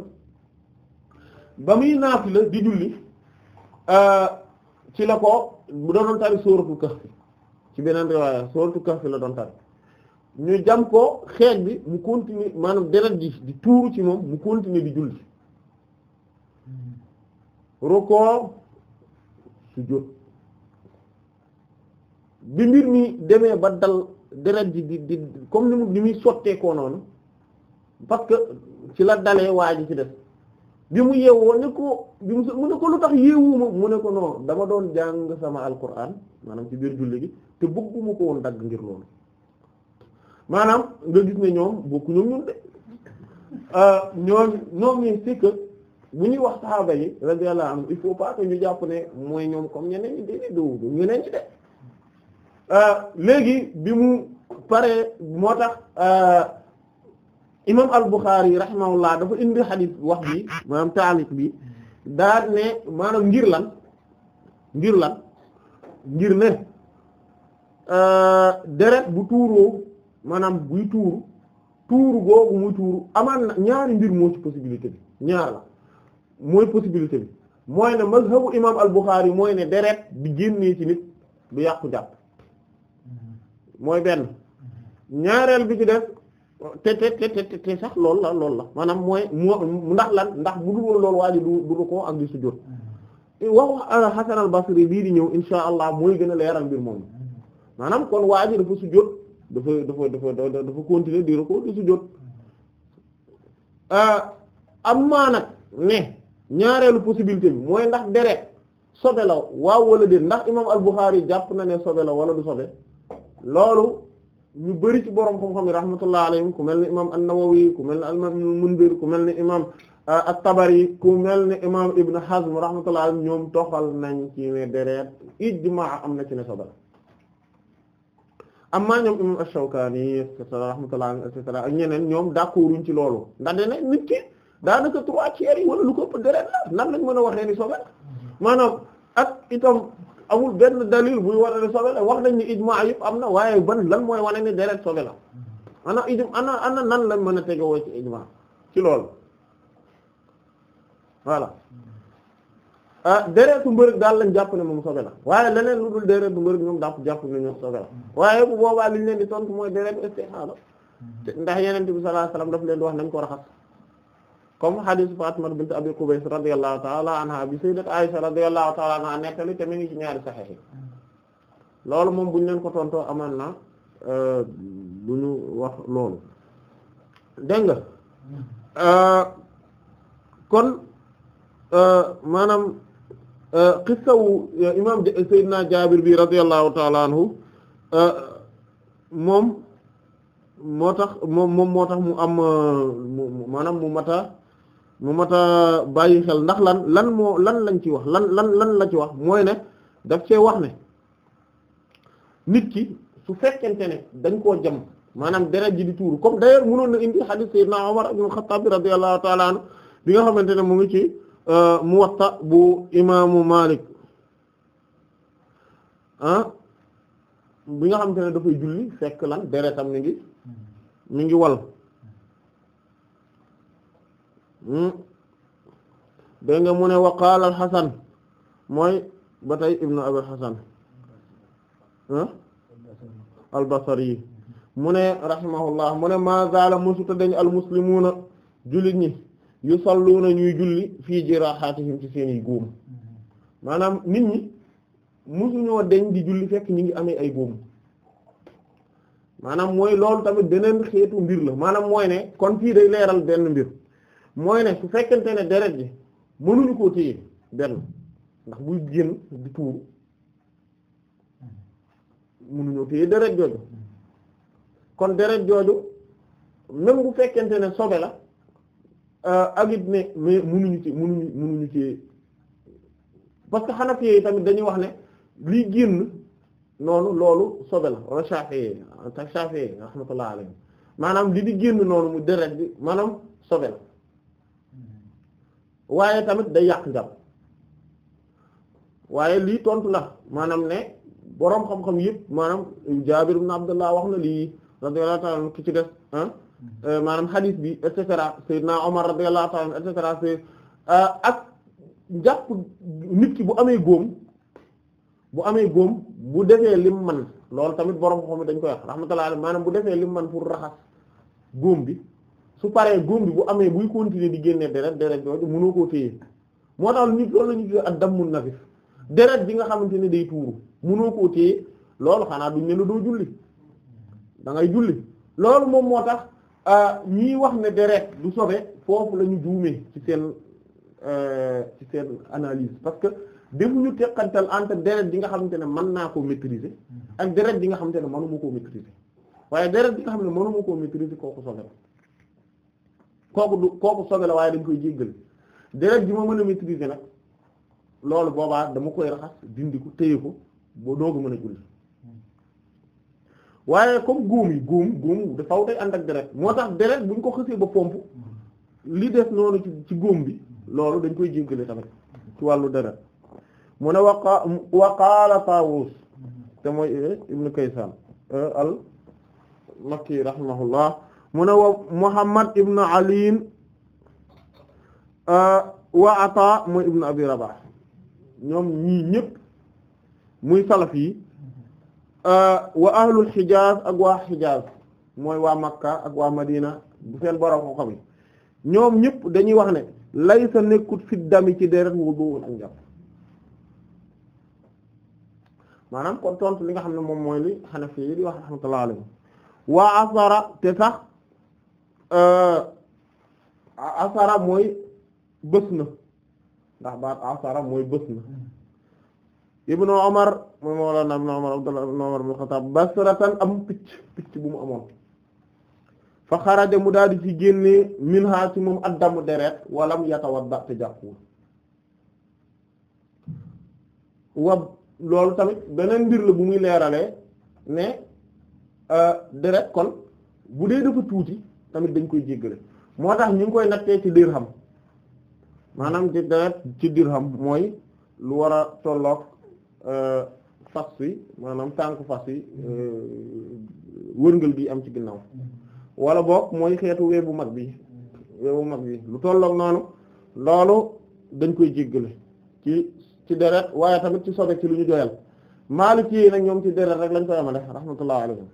ba muy la di julli euh, ci la ko bu doon tari sóoratu Kahf ci beneen riwaaya sóoratu Kahf la doon tari ñu jam ko xeej bi mu continuer maanaam deret ji di tuuru ci moom mu continuer di julli rukoo sujjóot bi mbir mi demee ba dal deret ji di di comme ni mu ni muy sotteekoo noonu parce que ci la dalee waa ji ci def bi mu yeewoo ne ko bi mu mu ne ko lu tax yeewuma mu ne ko non dama doon jàng sama alquran maanaam ci biir julli gi te bëgguma ko woon dagg ngir loolu maanaam nga gis ne ñoom bokku ñoom ñun de <laughs> euh, ñoom ñoom ñi c'est ñuy wax saxaaba yi radiyallahu am il faut pas que ñu jàpp ne mooy ñoom comme ñeneen ñi déedéet doo ñeneen ñi de euh, léegi bi mu paree moo tax euh, imam al-Bukhari y rahimahullah dafa indi xadis wax bi maanaam taaliq bi daa ne maanaam ngir lan ngir lan ngir ne euh, deret bu tuuroo maanaam buy tuuru tuuru googu muy tuuru amaan na ñaari mbir moo ci possibilité bi ñaar la mooy possibilité bi mooy ne mazhabu imam al-Bukhari mooy ne deret bi génnee ci nit du yàqu jàpp mooy benn ñaareel bi ci def te te te te sax loolu la loolu la maanaam mooy mu ndax lan ndax bu dul lool loolu waa ji du du ko ak di sujjóot mm-hmm. waxu uh, Hasan al-Basri bii di ñëw insha allah mooy gën a leeral mbir moom mm-hmm. maanaam kon waa ji dafa sujjóot dafa dafa dafa dafa continuer di ko di sujjóot mm-hmm. uh, am maa nag ne ñaareelu possibilité bi mooy ndax deret sobe la waaw wala déet ndax imam al-Bukhari jàpp na ne sobe la wala du sobe loolu. ñu bari ci borom xam-xam yi rahmatullah alayhim ku mel ni imaam an-Nawawi ku mel ni al-imaam ku mel ni imaam uh, at-Tabari ku mel ni imaam Ibn Hazm rahmatullah alayhim ñoom toxal nañ ci ne deret ijmaa am na ci ne sobe amma ñoom imaam ash-Shawkani et cetera rahmatullah et cetera ak ñeneen ñoom d'accorduñ ci loolu ndax daanaka trois tiers wala lu deret nan lañ mën a waxee ni sobe maanaam ak itam. amul benn dalil buy wane ne la wax nañ ni ijmaa yëpp am na waaye ban lan mooy wane ne deret sobe la ana ijma ana ana nan lañ mën a tegewoo ci ijmaa ci lool loolu voilà ah, déretu mbërëg daal lañ jàpp ne moom sobe la waaye leneen lu dul déretu mbërëg ñoom dàpp jàpp ne ñoom sobe la waaye bu boobaa liñ leen di tontu mooy déretu istixaala ndax yeneen bi sallallahu alayhi wasallam daf leen di wax nañ ko raxas comme hadith Fatima bint Abi Qubays radiyallahu ta'ala anha bi sayyidat Aisha radiyallahu ta'ala anha nettali te mi ngi ñaari sahih loolu moom buñ leen ko tontoo amaan na euh, du ñu wax loolu dégg euh, kon euh, maanaam qissa wu imam Jaabir bi radiyallahu ta'ala anhu moom moo tax moo tax mu am maanaam mu mata mu mat bàyyi xel ndax lan lan moo lan lañ ci wax lan lan lan la ci wax mooy ne daf cee wax ne nit ki su fekkente ne dañ koo jam maanaam deret ji di tuuru comme d'ailleurs mënoon na indi hadith sayyidina Umar ibn Khattab radiyallahu ta'ala anhu bi nga xamante ne mu ngi ci euh, mu waxta bu imaamu Malik ah bi nga xam xamante ne dafay julli fekk lan deretam mi ngi mi ngi wal Hmm. dégg nga mu ne wa qaala mooy ba tey ibnu Abi al-Hasan hmm? al-Basri mu ne rahimahullah mu ne ma zaala musuta dañ al-muslimuuna jullit ñi yusalluuna ñuy julli fii jiraahatihim ci seen i góom maanaam nit ñi musuñoo deñ di julli fekk ñi ngi amee ay góom maanaam mooy loolu tamit beneen xeetu mbir la maanaam mooy ne kon fii day leeral benn mbir mooy ne su fekkente ne deret ji mënuñu koo téye benn ndax buy génn di tuuru mënuñoo téye deret jooju kon deret jooju même bu fekkente ne sobe la euh, ak it ne mais mënuñu ci mënuñu mënuñu ci parce que xanaa yi tamit dañuy wax ne liy génn noonu loolu sobe la wala Shafi'i ta Shafi'i rahmatullah alayhi maanaam li di génn noonu mu deret bi maanaam sobe la waaye tamit day yàq njàpp waaye lii tontu la maanaam ne boroom xam-xam yëpp maanaam Jaabir ibn Abdullah wax na lii radiyallahu ta'ala ki ci des ah, euh, maanaam hadith bi et cetera Seydina Omar radiyallahu ta'ala et cetera c'est euh, njàpp nit ki bu amee góom bu amee góom bu defee lim man loolu tamit boroom xam-xam dañ koy wax rahmatullahi maanaam bu defee lim man pour raxas góom bi. su paree góom bi bu amee buy continuer di génne deret deret jooju mënoo koo téye moo tax ñu loolu la ñu tuddee ak dammu nafif deret bi nga xamante ne day tuuru mënoo koo téye loolu xanaa duñ doo julli da ngay julli loolu moom moo tax euh, ñiy wax ne deret du sobe foofu la ñu juumee ci seen euh, ci seen analyse parce que defuñu teqantal entre deret ji nga xamante ne man naa koo maîtriser ak deret ji nga xamante ne mënuma koo maîtriser waaye deret ji nga xam ne mënuma koo maîtriser kooku sobe la kooku du kooku sobe la waaye dañ koy jéggal deret ji ma mën a maîtriser nag loolu boobaa dama koy raxas dindi ko téye ko ba doogu mën a julli waaye comme góom yi góom góom dafaw day ànd ak deret moo tax deret buñ ko xësee ba pompe li des noonu ci ci góom bi loolu dañ koy jéggale tamit ci wàllu deret mu ne waqa waqaala Tawus te mooy eh, ibnu Kaysan eh, al Makki rahimahullah mu ne wa Muhammad ibn Ali euh, wa Ata mooy ibn Abi Rabah ñoom ñii muy salaf yi euh, wa ahlul Hijaz ak waa Hijaz mooy waa Makka ak waa Madina bu seen borom xam yi ñoom ñëpp dañuy wax ne laysa nekkut fi dami ci deret wudu'un ak njàpp maanaam kon tontu li nga xam ne moom mooy li Hanafi yi di wax rahmatullahi alayhi waa te sax Euh, asara mooy bës na ndax baat asara mooy bës na ibnu omar mooy mawlana ibnu omar abdullah ibnu omar ibnu xattaab am picc picc bu mu amoon fa xaraja mu daal di ci génne min ha ci moom addamu deret walam yatawadda te jàppul wa loolu tamit beneen mbir la bu muy leeralee ne euh, deret kon bu dee dafa tuuti tamit dañ koy jéggale moo tax ñu ngi koy nattee ci xam maanaam ci deret ci dirham mooy lu war a tolloog euh, fas yi maanaam tànku fas yi euh, wërngal bi am ci ginnaaw wala boog mooy xeetu weebu mag bi weebu mag bi lu tolloog noonu loolu dañ koy jéggale ci ci deret waaye tamit ci sobe ci lu ñu doyal Maliki yi nag ñoom ci deret rek lañ koy amale rahmatullah alayhim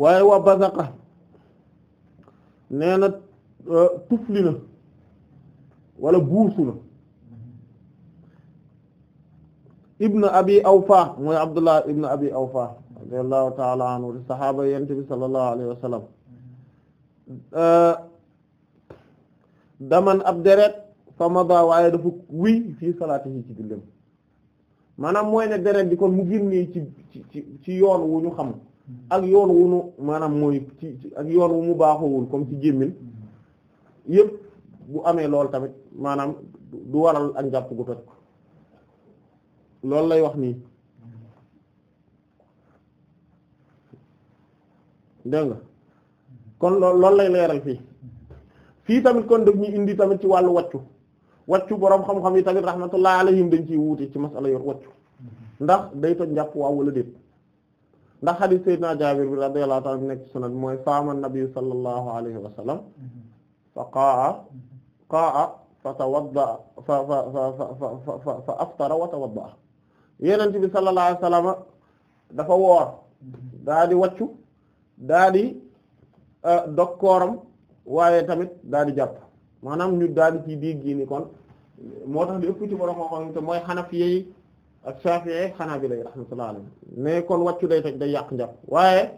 waaye waa bazaqa nee na euh, tufli na wala buusu na ibn abi awfa mooy abdullah ibn abi awfa radiyallahu ta'ala anhu di saxaaba yent bi sallallahu alayhi wa sallam euh, daman ab deret fa mada waaye dafa wiy fii salaati yi ci jullem maanaam mooy ne deret bi kon mu génnee ci ci ci yoon wu ñu xam ak yoon wu nu maanaam mooy ci ak yoon wu mu baaxoowul comme ci gémmin yëpp bu amee lool tamit maanaam du waral ak njàpp gu toj loolu lay wax nii dégg nga kon loolu lay leeral fii fii tamit kon daf ñu indi tamit ci wàllu wàccu wàccu boroom xam-xam yi tamit rahmatullah alayhim dañ ciy wuute ci masala yor wàccu ndax day toj njàpp waaw wala déet ndax xadis sayyidina Jaabir bi radiyallahu ta'ala nekk ci sunan mooy nabi sallallahu alayhi wa fa qaa'a qaa'a fa tawadda fa fa fa fa aftara wa tawadda Yonent bi sallallahu alayhi wa sallam dafa woor daa di wàccu daa uh, waaye tamit daa di jàpp maanaam ñu daa di ci dégg ni mooy Hanafi yi ak Shafi'i Hanabila rahmatullahi alayhim mais kon wàccu day toj day yàq njàpp waaye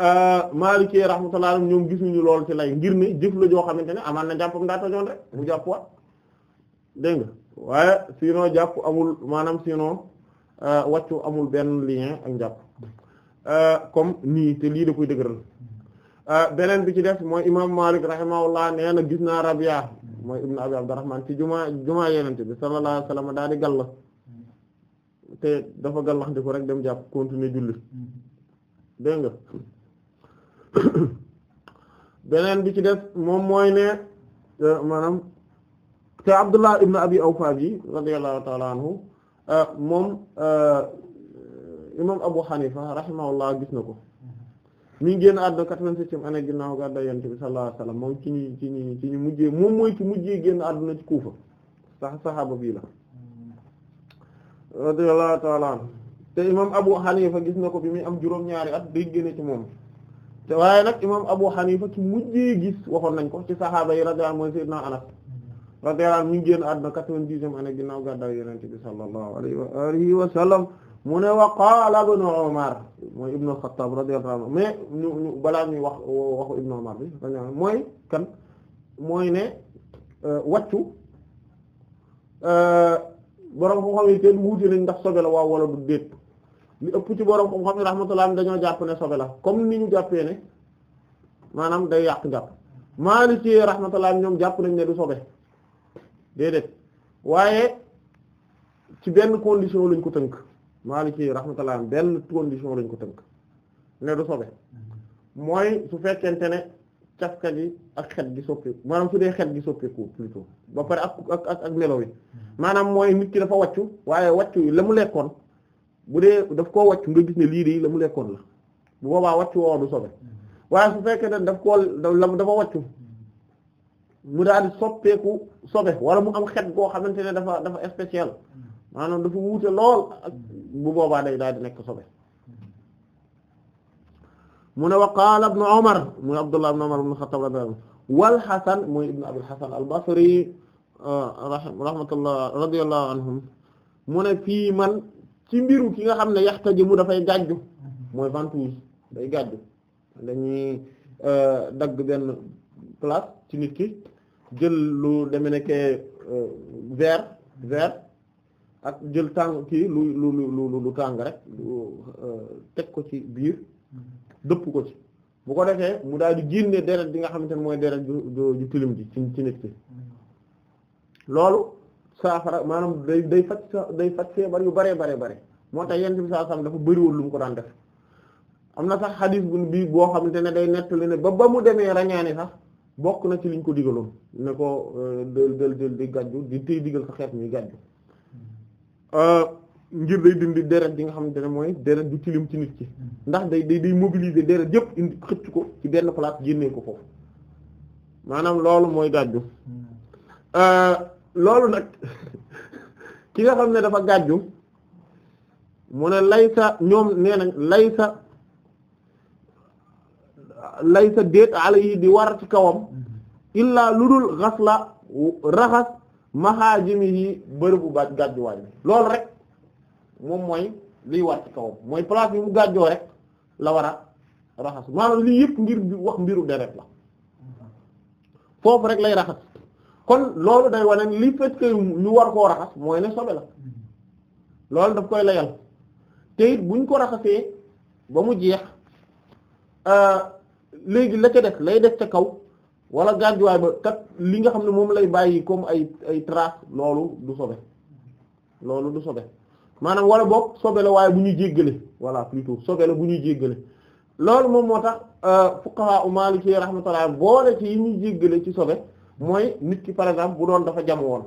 euh, Maliki rahmatullahi alayhim ñoom gisuñu lool ci lay ngir ne jëf la joo xamante ne amaan na njàppam daa tojoon rek mu jàpp wat dégg nga waaye sinon jàpp amul maanaam sinon euh, wàccu amul benn lien ak njàpp euh, comme nii te lii de koy dëgëral beneen bi ci def mooy imam Malik rahimahullah nee na gis naa Rabia mooy ibnu Abi Abdurrahman ci jumaa jumaa yenente bi sallallahu alayhi wasallam daal di te dafa gàllaxndiku rek dem jàpp continuer julli nga <coughs> beneen bi ci des moom mooy ne euh, maanaam te Abdullah ibn Abi Awfa bi radiyallahu ta'ala anhu euh, moom euh, imam Abu Hanifa rahimahullah gis na ko mi ngi génn àdduna quatre-vingt-septième année ginnaaw gàddaay Yonent bi sallallahu alayhi wasallam moom ci ñu ci ñu mujjee moom mooy ci mujjee génn àdduna ci Kuufa sax saxaaba bii la radiyallahu ta'ala anhu te imam Abu Hanifa gis na ko bi muy am juróom-ñaari at dégg na ci moom te waaye nag imam Abu Hanifa ci mujjee gis waxoon nañ ko ci saxaaba yi radiyallahu anhu mooy sayyidina Anas radiyallahu anhu mi ngi génn àdduna quatre-vingt-dixième année ginnaaw gàddaay Yonent bi wa alihi wa sallam mu ne wa qaala ibnu Umar mooy ibnu Xattaab radiyallahu anhu mais balaa ñuy wax waxu ibnu Umar bi mooy kan mooy ne euh, wàccu euh, borom xam-xam yi kenn wuute nañ ndax sobe la waaw wala du déet li ëpp ci borom xam-xam yi rahmatullah dañoo jàpp ne sobe la comme ni ñu jàppee ne maanaam day yàq jàpp Maliki rahmatullah ñoom jàpp nañ ne du sobe déedéet waaye ci benn condition lañ ko tënk Maliki rahmatullah benn condition lañ ko tënk ne du sobe mm-hmm. mooy su fekkente ne. cafka gi ak xet gi soppee maanaam su dee xet gi soppeeku plutôt ba pare ak ak ak ak melo yi mm-hmm. maanaam mooy nit ki dafa wàccu waaye wàccu yi la mu lekkoon bu dee daf koo wàccu nga gis ne lii de la mu lekkoon la bu boobaa wàccu woo du sobe mm-hmm. waaye su fekkee ne daf koo dafa wàccu mu daal di soppeeku sobe wala mu am xet goo xamante ne dafa dafa spécial mm-hmm. maanaam dafa wuute lool ak bu boobaa day daal di nekk sobe mu ne wa qaala ibnu Umar muy Abdullah ibnu Umar ibnu Xattaab wal Hasan muy ibnu Abul Hasan al-Basri uh, rahmatullah anhum mu ne fii man ci mbiru ki nga xam ne yaxtajimu dafay gàjju mooy ventouse day gàjju dañuy uh, dagg benn place ci nit ki jël lu deme nekke uh, verre verre ak jël tàng kii lu lu lu lu tàng rek teg ko ci biir dëpp ko ci bu ko defee mu daal di génne deret bi nga xamante ne mooy deret ju ju tilim ji ci ci nit ki loolu saafara maanaam day day faj day faj feebar yu baree baree bare moo tax yent bi saa sam dafa bëriwul lu mu ko daan def am na sax xadis bu bii boo xamante ne day nettali ne ba ba mu demee rañaani sax bokk na ci liñ ko digaloon ne ko euh, del del del di gàjju di tey digal sa xeet muy gàjju euh, ngir day dindi deret ji nga xamante ne mooy deret du tilim ci nit ki ndax day day day mobiliser deret yëpp indi xëcc ko ci benn place génnee ko foofu maanaam loolu mooy gàjju hmm. euh, loolu nag <laughs> ki nga xam ne dafa gàjju mu ne laysa ñoom nee nañ laysa laysa déet ala yi di war ci kawam hmm. illaa lu dul xas la raxas maxaajimi yi bërëbu baaj gàjjuwaay bi loolu rek moom mooy liy war ci kawam mooy place bi mu gàjjoo rek la war a raxas maanaam lii yëpp ngir wax mbiru deret la foofu rek lay raxas kon loolu day wane li fait que ñu war koo raxas mooy ne sobe la loolu daf koy layal te it buñ ko raxasee ba mu jeex euh, léegi la ca def lay def ci kaw wala gàjjuwaay ba kat li nga xam ne moom lay bàyyi comme ay ay trace loolu du sobe loolu du sobe maanaam wala boog sobe la waaye bu ñuy jéggale voilà plutôt sobe la bu ñuy jéggale loolu moom moo tax euh, fuqaha u maliki rahmatullah boole ci yi ñuy jéggalee ci sobe mooy nit ki par exemple bu doon dafa jam woon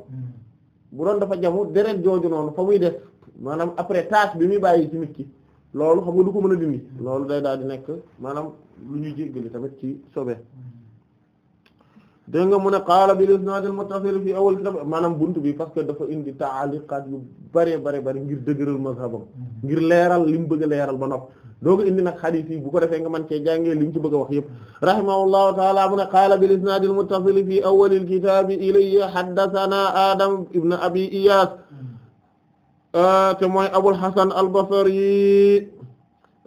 bu doon dafa jamu deret jooju noonu fa muy def maanaam après tache bi muy bàyyi ci nit ki loolu xam nga du ko mën a dindi loolu day daal di nekk maanaam lu ñuy jéggale tamit ci sobe dégg nga mu ne qaala bil isnaad al fi awal kitab maanaam buntu bi parce que dafa indi taaliqaat bare bare bare ngir dëgëral mazhabam ngir leeral li mu bëgg a leeral ba nopp doo indi nag xadiis yi bu ko defee nga man cee jàngee li mu ci bëgg a wax yëpp rahimahullahu taala mu ne qaala bil isnaad al muttasil fi awal al kitaab ilayya Adam ibn Abi Iyaas te mooy Abul Hasan al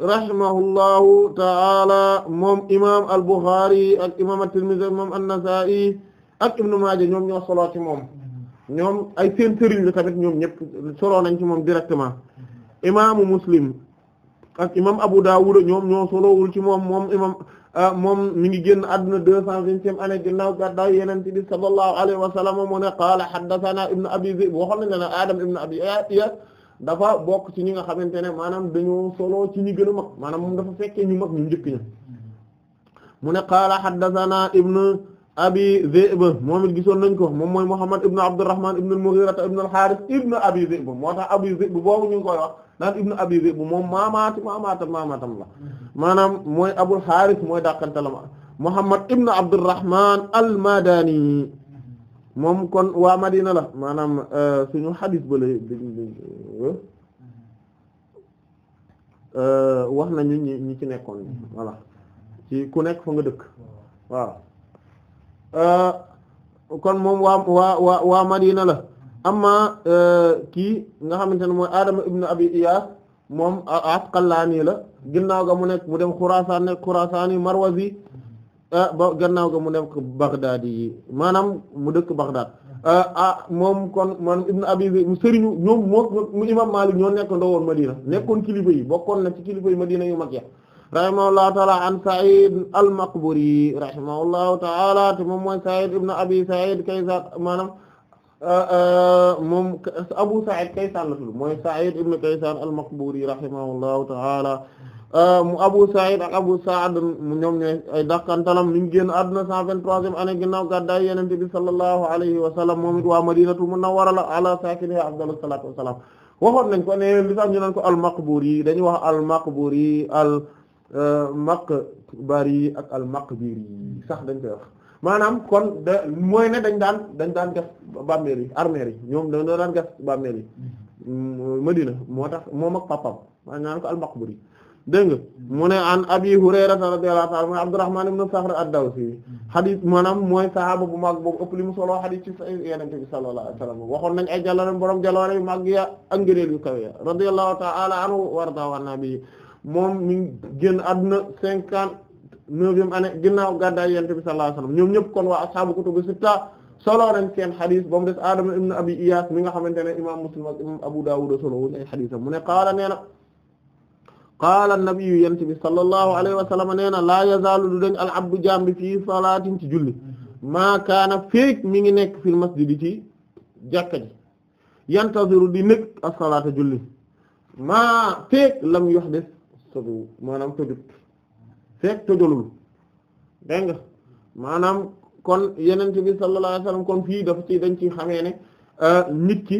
rahimahullahu ta'ala moom imaam al-Bukhari ak imaam at-Tirmidhi ak moom an-Nasa'i ak Ibn Maaja ñoom ñoo solo ci moom ñoom ay seen sëriñ la tamit ñoom ñëpp solo nañ ci moom directement imaamu Muslim ak imaam Abu Dawud ñoom ñoo solowul ci moom moom imaam ah, moom mi ngi génn àdduna deux cent vingtième année ginnaaw gàddaay Yonent bi sallallahu alayhi wa sallam mu ne qaala haddathanaa Ibn Abi Dhi'b waxoon nañ la ne Adam ibn Abi Iyas dafa bokk ci ñi nga xamante ne maanaam dañoo solo ci ñi gën a mag maanaam moom dafa fekkee ñu mag ñu njëkk ña mm-hmm. mu ne qaala haddathana ibnu abi Dhi'b moom it gisoon nañ ko moom mooy Muhammad ibnu Abdurrahman ibnu al-Mughira ibnu al-Harith ibnu abi Dhi'b ñu ngi koy wax naan ibnu abi moom maamaati maamaatam maamaatam la mm-hmm. maanaam mooy Abul Harith mooy dàqantalam Muhammad ibnu Abdurrahman al-Madani moom kon waa Madina la maanaam euh, suñu xadis ba la euh, wax nañu ñu ñi ci nekkoon voilà ci ku nekk fa nga dëkk waaw euh, kon moom waa waa waa waa Madina la amma kii nga xamante ne mooy Adama ibnu Abi Iyaas moom Asqalaani la ginnaaw ga mu nekk mu dem Xuraasaan nekk Xuraasaan yi Marwazi Ah, ba gannaaw ga mu nekk Baghdad yi maanaam mu dëkk Baghdad ah, ah moom kon man Ibn Abi sëriñu ñoom imam Malik ñoo nekk ndawoon Madina nekkoon kilifa yi bokkoon na ci kilifa yi Madina yu mag ya rahimahullahu taala an Sa'id al-Maqburi rahimahullahu taala te moom mooy Sa'id ibn Abi Sa'id Kaysan maanaam ah, moom Abu Sa'id Kaysan la tudd mooy Sa'id ibn Kaysan al-Maqburi rahimahullahu Euh, mu Abu Sa'id ak Abu Sa'd ñoom ñooy ay dàqantalam ñu génn àdduna 123e année ginnaaw gàddaay Yonent bi sallallahu alayhi wa sallam moom it waa Madinatu Munawwara la ala saakinihaa afdalu salaatu wa salaam waxoon nañ ko ne li tax ñu naan ko al-Maqburi dañuy wax al-Maqburi al-Maqbari euh, ak al-Maqbiri sax dañ koy wax maanaam kon de mooy ne dañ daan dañ daan gas bàmmeel yi armeel yi ñoom dañ doo daan gas bàmmeel yi mm-hmm. Madina moo tax moom ak papam maa naan ko dégg nga mu ne an abi hurayra radiyallahu anhu abdurrahman ibn saxr ad mooy sahaaba bu mag boobu ëpp li mu soloo xadis ci yenente bi waxoon nañ ay jàllale borom jaloore yu mag ya ak ngëneel yu kawe ya radiyallahu ta'ala anhu warda wa nabi moom mi ngi génn àdduna cinquante neuvième année ginnaaw gàddaay yenente bi sallallahu alayhi wasallam ñoom ñëpp kon waa ashaabu kutubu sitta soloo nañ seen xadis ba des adama ibn abi iyas mi nga xamante ne imam muslim ak imam abu dawud solowuñ ay xadisam mu ne qaala qaala nabiyu yent bi sallallahu alayhi wa sallam nee laa yazaalu du dañ al abdu jaam bi fii ci julli maa kaana féeg mi ngi nekk fil masjidi ci jàkka ji yantaziru di nekk as-salaata julli maa féeg lam yox des sodu maanaam tojut féeg tojolul dégg nga maanaam kon yenent bi sallallahu kon fii dafa ci dañ ci xamee euh, nit ki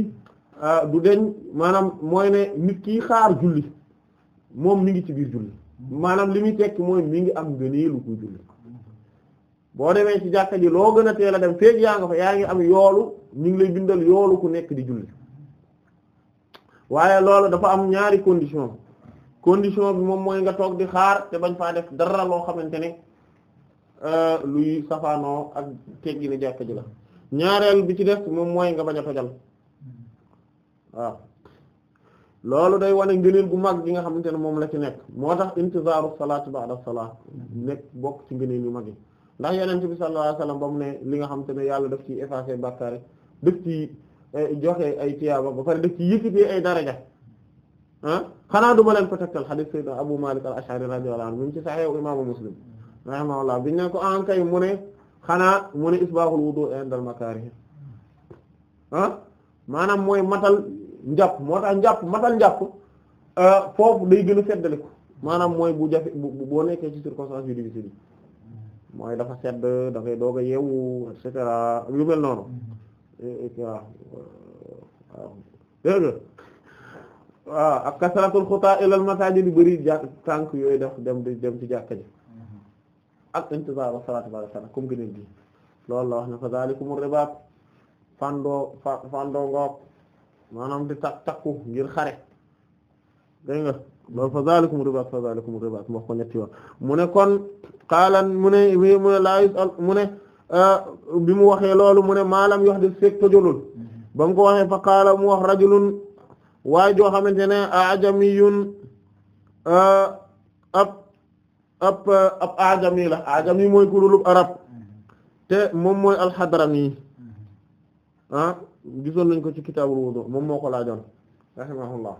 euh, du deñ maanaam mooy ne nit ki xaar julli moom mi ngi ci biir julli maanaam li muy tekki mooy mi ngi am ngëneelu kuy julli boo demee ci jàkka ji loo gën a teel a dem feek yaa nga fa yaa ngi am yoolu ñu ngi lay bindal yoolu ku nekk di julli waaye loolu dafa am ñaari condition condition bi moom mooy nga toog di xaar te bañ faa def dara loo xamante ne euh, luy safaanoo ak teggi ne jàkka ji la ñaareel bi ci def moom mooy nga bañ a tojal waaw loolu day wane ngëneel gu mag gi nga xamante ne moom la ci nekk moo tax intizaaru salaati ba'da salaat nekk bokk ci ngëneel yu mag yi ndax yonent bi sallallahu alayhi wasallam ba mu ne li nga xamante ne yàlla daf ci effacer bàkkaar daf ci eh, joxe ay tiyaaba ba pare daf ci yëkkatee ay daraja ah xanaa du ma leen ko tegtal hadith sayyidina Abu Malik al-Ash'ari radiyallahu anhu mu ci Sahih imaamu Muslim rahimahullah biñ ne ko an kay mu ne xanaa mu ne isbaahul wudu' inda al njàpp moo tax njàpp matal njàpp euh, foofu day gën a seddaliku maanaam mooy bu jafe bu boo nekkee ci circonstance yu difficile yi mooy dafa sedd da doog a yeewu et cetera yu mel noonu waaw waaw dégg nga waaw ak xutaa ilal masaajid di bëri jàkk tànk yooyu def dem di dem ci jàkka ji ak intizaar salaatu ba'da salaat comme gi loolu la wax ne fa zaalikumur ribaat fandoo fandoo ngoog maanaam di tak takku ngir xare dégg nga loolu fa zalikum ribaat fa zalikum ribaat wax ko ñetti wax mu ne kon xaalan mu ne mu ne laayus mu ne euh, bi mu waxee loolu mu ne maalam yox di feeg tojolul ba mu ko waxee fa qaala mu wax rajulun waaye joo xamante ne ajamiyun euh, ab ab ab ajami la ajami mooy ku dulub arab te moom mooy alxadrami ah gisoon nañ ko ci kitaabul wudu moom moo ko laajoon rahimahullah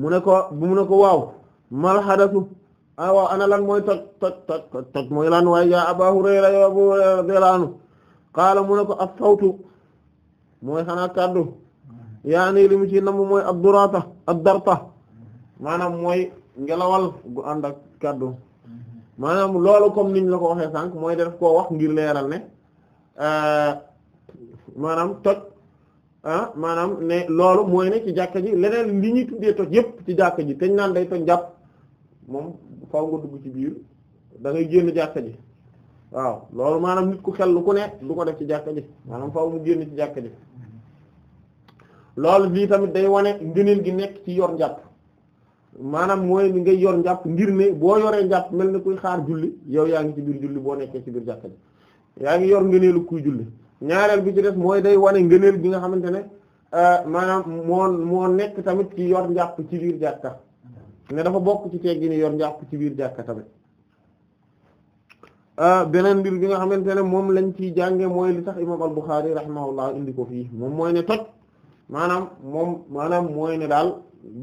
mu ne ko mu ne ko waaw mal xadasu ah ana lan mooy toj toj toj toj mooy lan waaye yaa Abaa yaa Abaa Hurayra delaanu mu ne ko as sawtu mooy xanaa kaddu yaani li mu ci namm mooy ab durata ab darta maanaam mooy ngelawal gu ànd ak kaddu maanaam loolu comme niñ la ko waxee sànq mooy def koo wax ngir leeral ne euh, maanaam toj ah maanaam ne loolu mooy nekk ci jàkka ji leneen li ñuy tuddee toj yépp ci jàkka ji teñ naan day toj jàpp moom faaw nga dugg ci biir dangay ngay génn jàkka ji waaw loolu maanaam nit ku xel ku ne du ko def ci jàkka ji maanaam faw mu génn ci jàkka ji loolu lii tamit day wane ngëneel gi nekk ci yor njàpp maanaam mooy ni ngay yor njàpp ngir ne boo yoree njàpp mel ni kuy xaar julli yow yaa ngi ci biir julli boo nekkee ci biir jàkka ji yaa ngi yor ngëneelu kuy julli ñaareel bi ci des mooy day wane ngëneel bi nga xamante ne euh, maanaam moo moo nekk tamit ci yor njàpp ci biir jàkka ne dafa bokk ci teggini yor njàpp ci biir jàkka tamit euh, beneen mbir bi nga xamante ne moom lañ ciy jànge mooy li tax imam al-Bukhari rahimahullah indi ko fii moom mooy ne toj maanaam moom maanaam mooy ne daal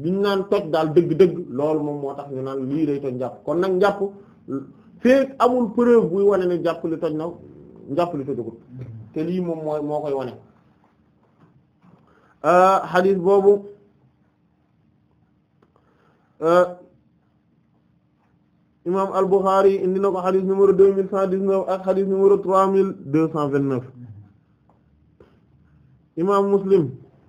biñ naan toj daal dëgg-dëgg loolu moom moo tax ñu naan lii day toj njàpp kon nag njàpp feek amul preuve buy wane ne njàpp li toj na njàpp li tojagut te lii moom mooy moo koy wane xadis euh, boobu euh, imam al-Bukhari indi na ko xadis numéro deux mille cent dix-neuf ak xadis numéro trois mille deux cent vingt-neuf imam Muslim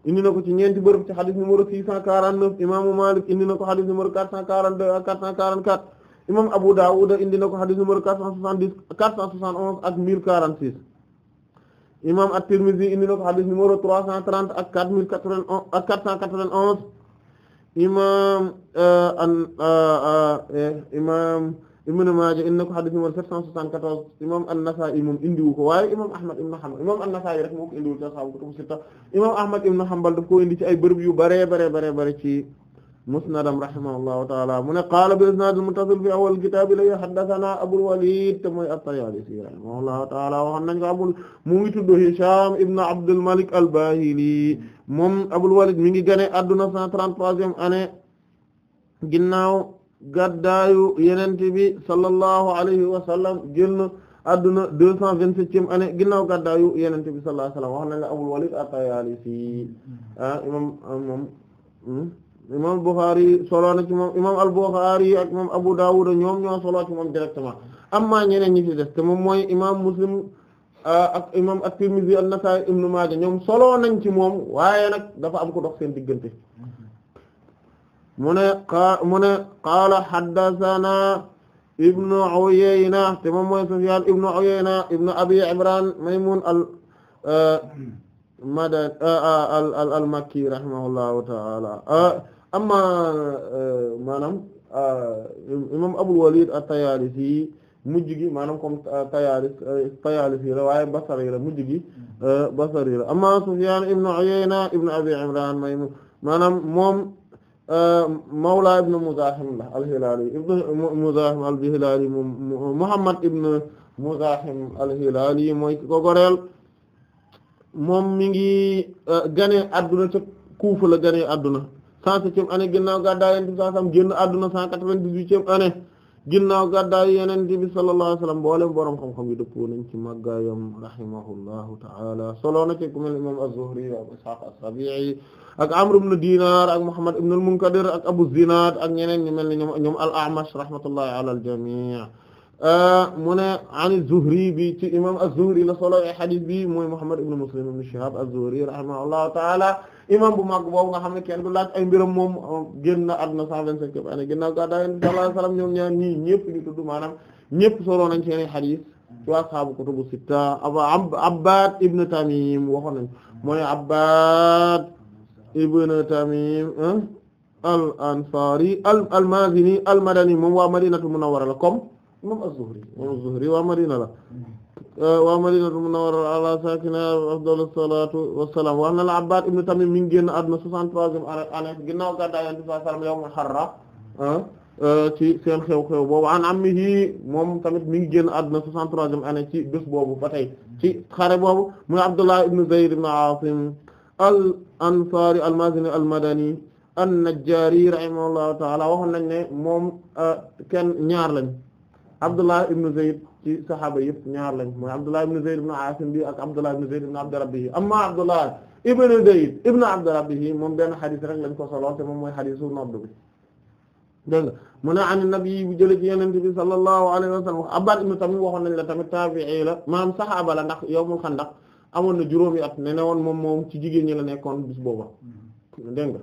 indi na ko ci ñeenti six cent quarante-neuf imaamu Malik indi na ko xadis numéro quatre cent deux ak quatre cent quarante-quatre imam Abu six imam at-Tirmidhi indi na ko xadis numéro 330 ak 4091 ak 491 imam euh, euh, euh, eh, imam Ibn Maaja indi na ko xadis numéro 774 imam an-Nasa'i moom indiwu ko waaye imam Ahmad ibn Hanbal imam an-Nasa'i rek moo ko indiwul ci ashaabu kutubu sitta koo indi ci ay bërëb yu bare bare bare bare ci musnadam rahimahullahu taala mu ne qaala bi isnaadil muttasil fi awwal kitaab lay haddathana Abul Walid te mooy at-Tayalisi rahimahullahu taala waxoon nañ ko abul mu ngi tudd Hisham ibn Abdul Malik al-Bahili moom Abul Walid mi ngi gane adduna 133e année ginnaaw gaddaayu Yonent bi sallallahu alayhi wa sallam génn adduna 227e année ginnaaw gaddaayu Yonent bi sallallahu alayhi wa sallam wax nañ la Abul Walid at-Tayalisi ah, ah moom moom. imam Bukhari solo moom imam al-Bukhari ak moom Abu Dawud ñoom ñoo solo ci moom directement amma ñeneen ci te moom mooy imam Muslim ak imam at-Tirmidhi an-Nasa'i ibn Maaja ñoom solo nañ ci moom waaye nag dafa am ko dox seen diggante mu ne a mu ne qaala haddathana ibn Uyayna te moom mooy Sufyan ibn Uyayna ibn Abi Imran Maymun al makki rahimahullahu ta'ala amma eh, maanaam eh, imam Abul Walid at-Tayalisi mujj gi maanaam comme eh, Tayalis Tayalisi la waaye Basri la mujj gi Basri la amma Sufyan ibn Uyayna ibn Abi Imran Maymun maanaam moom Mawla ibn Muzahim la al-Hilali ibn Muzahim al-Hilali Muhammad ibn Muzahim al-Hilali mooy ko goreel moom mi ngi gane adduna ca Kufa la gane adduna 107e année ginnaaw gàddaay yonent bi sallallahu alayhi wasallam génn àdduna 198e année ginnaaw gàddaay yonent bi sallallahu alayhi wasallam mboolem boroom xam-xam yi dëppoo nañ ci màggaayam rahimahullahu ta'ala solo na ci ku mel imam az-Zuhri wa Ishaq as-Sabi'i ak Amr ibn Dinar ak Muhammad ibn al-Munkadir ak Abu Zinad ak ñeneen ñu mel ni ñoom ñoom al-A'mash rahmatullahi ala al-jami' euh, mu ne an Zuhri bi ci imam az-Zuhri la solo ay hadith bi mooy Muhammad ibn Muslim ibn Shihab az-Zuhri rahimahullahu ta'ala imam bu mag boobu nga xam ne kenn du laaj ay mbiram moom euh, génn na àdduna vingt-cinq année ginnaaw gàddaay Yonent ñoom ñaar ñii ñëpp ñu tudd maanaam ñëpp soroo nañ seen xadiis ci ashaabu kutubu sitta aba Abbad ibn Tamim waxoon nañ mooy Abbad ibn Tamim al ansari al al al madani moom waa Madinatu Munawwara la comme moom az moom az waa Madina la waa madinatul munawwara ala sakina afdalu salatu wassalam wax na la Abbad ibn Tamim mi ngi génn àdduna soixante-troisième année ginnaaw gàddaay Yonent bi ah, ah, ci seen xew-xew moom tamit mi ngi génn àdduna soixante-troisième année ci bés boobu ba tey ci xare boobu muy Abdullah ibn Zayd ibn Asim al ansari al mazini al madani an najjari rahimahullahu ta'ala waxoon nañ ne moom ah, kenn ñaar lañ Abdullah ibn Zayd ci saxaaba yëpp ñaar lañ mooy Abdullah ibn Zayd ibn Asim bi ak Abdullah ibn Zayd ibn Abd Rabbih amma Abdullah ibn Zayd ibn Abd Rabbih moom benn xadis rek lañ ko solo te moom mooy xadisu nodd bi dégg nga mu ne an nabi bu jële ci yeneen bi sallallahu alayhi wa sallam Abbad ibn Tamim waxoon nañ la tamit tabi'i la maanaam saxaaba la ndax yawmul xandaq amoon na juróomi at ne ne woon moom moom ci jigéen ñi la nekkoon bis booba dégg nga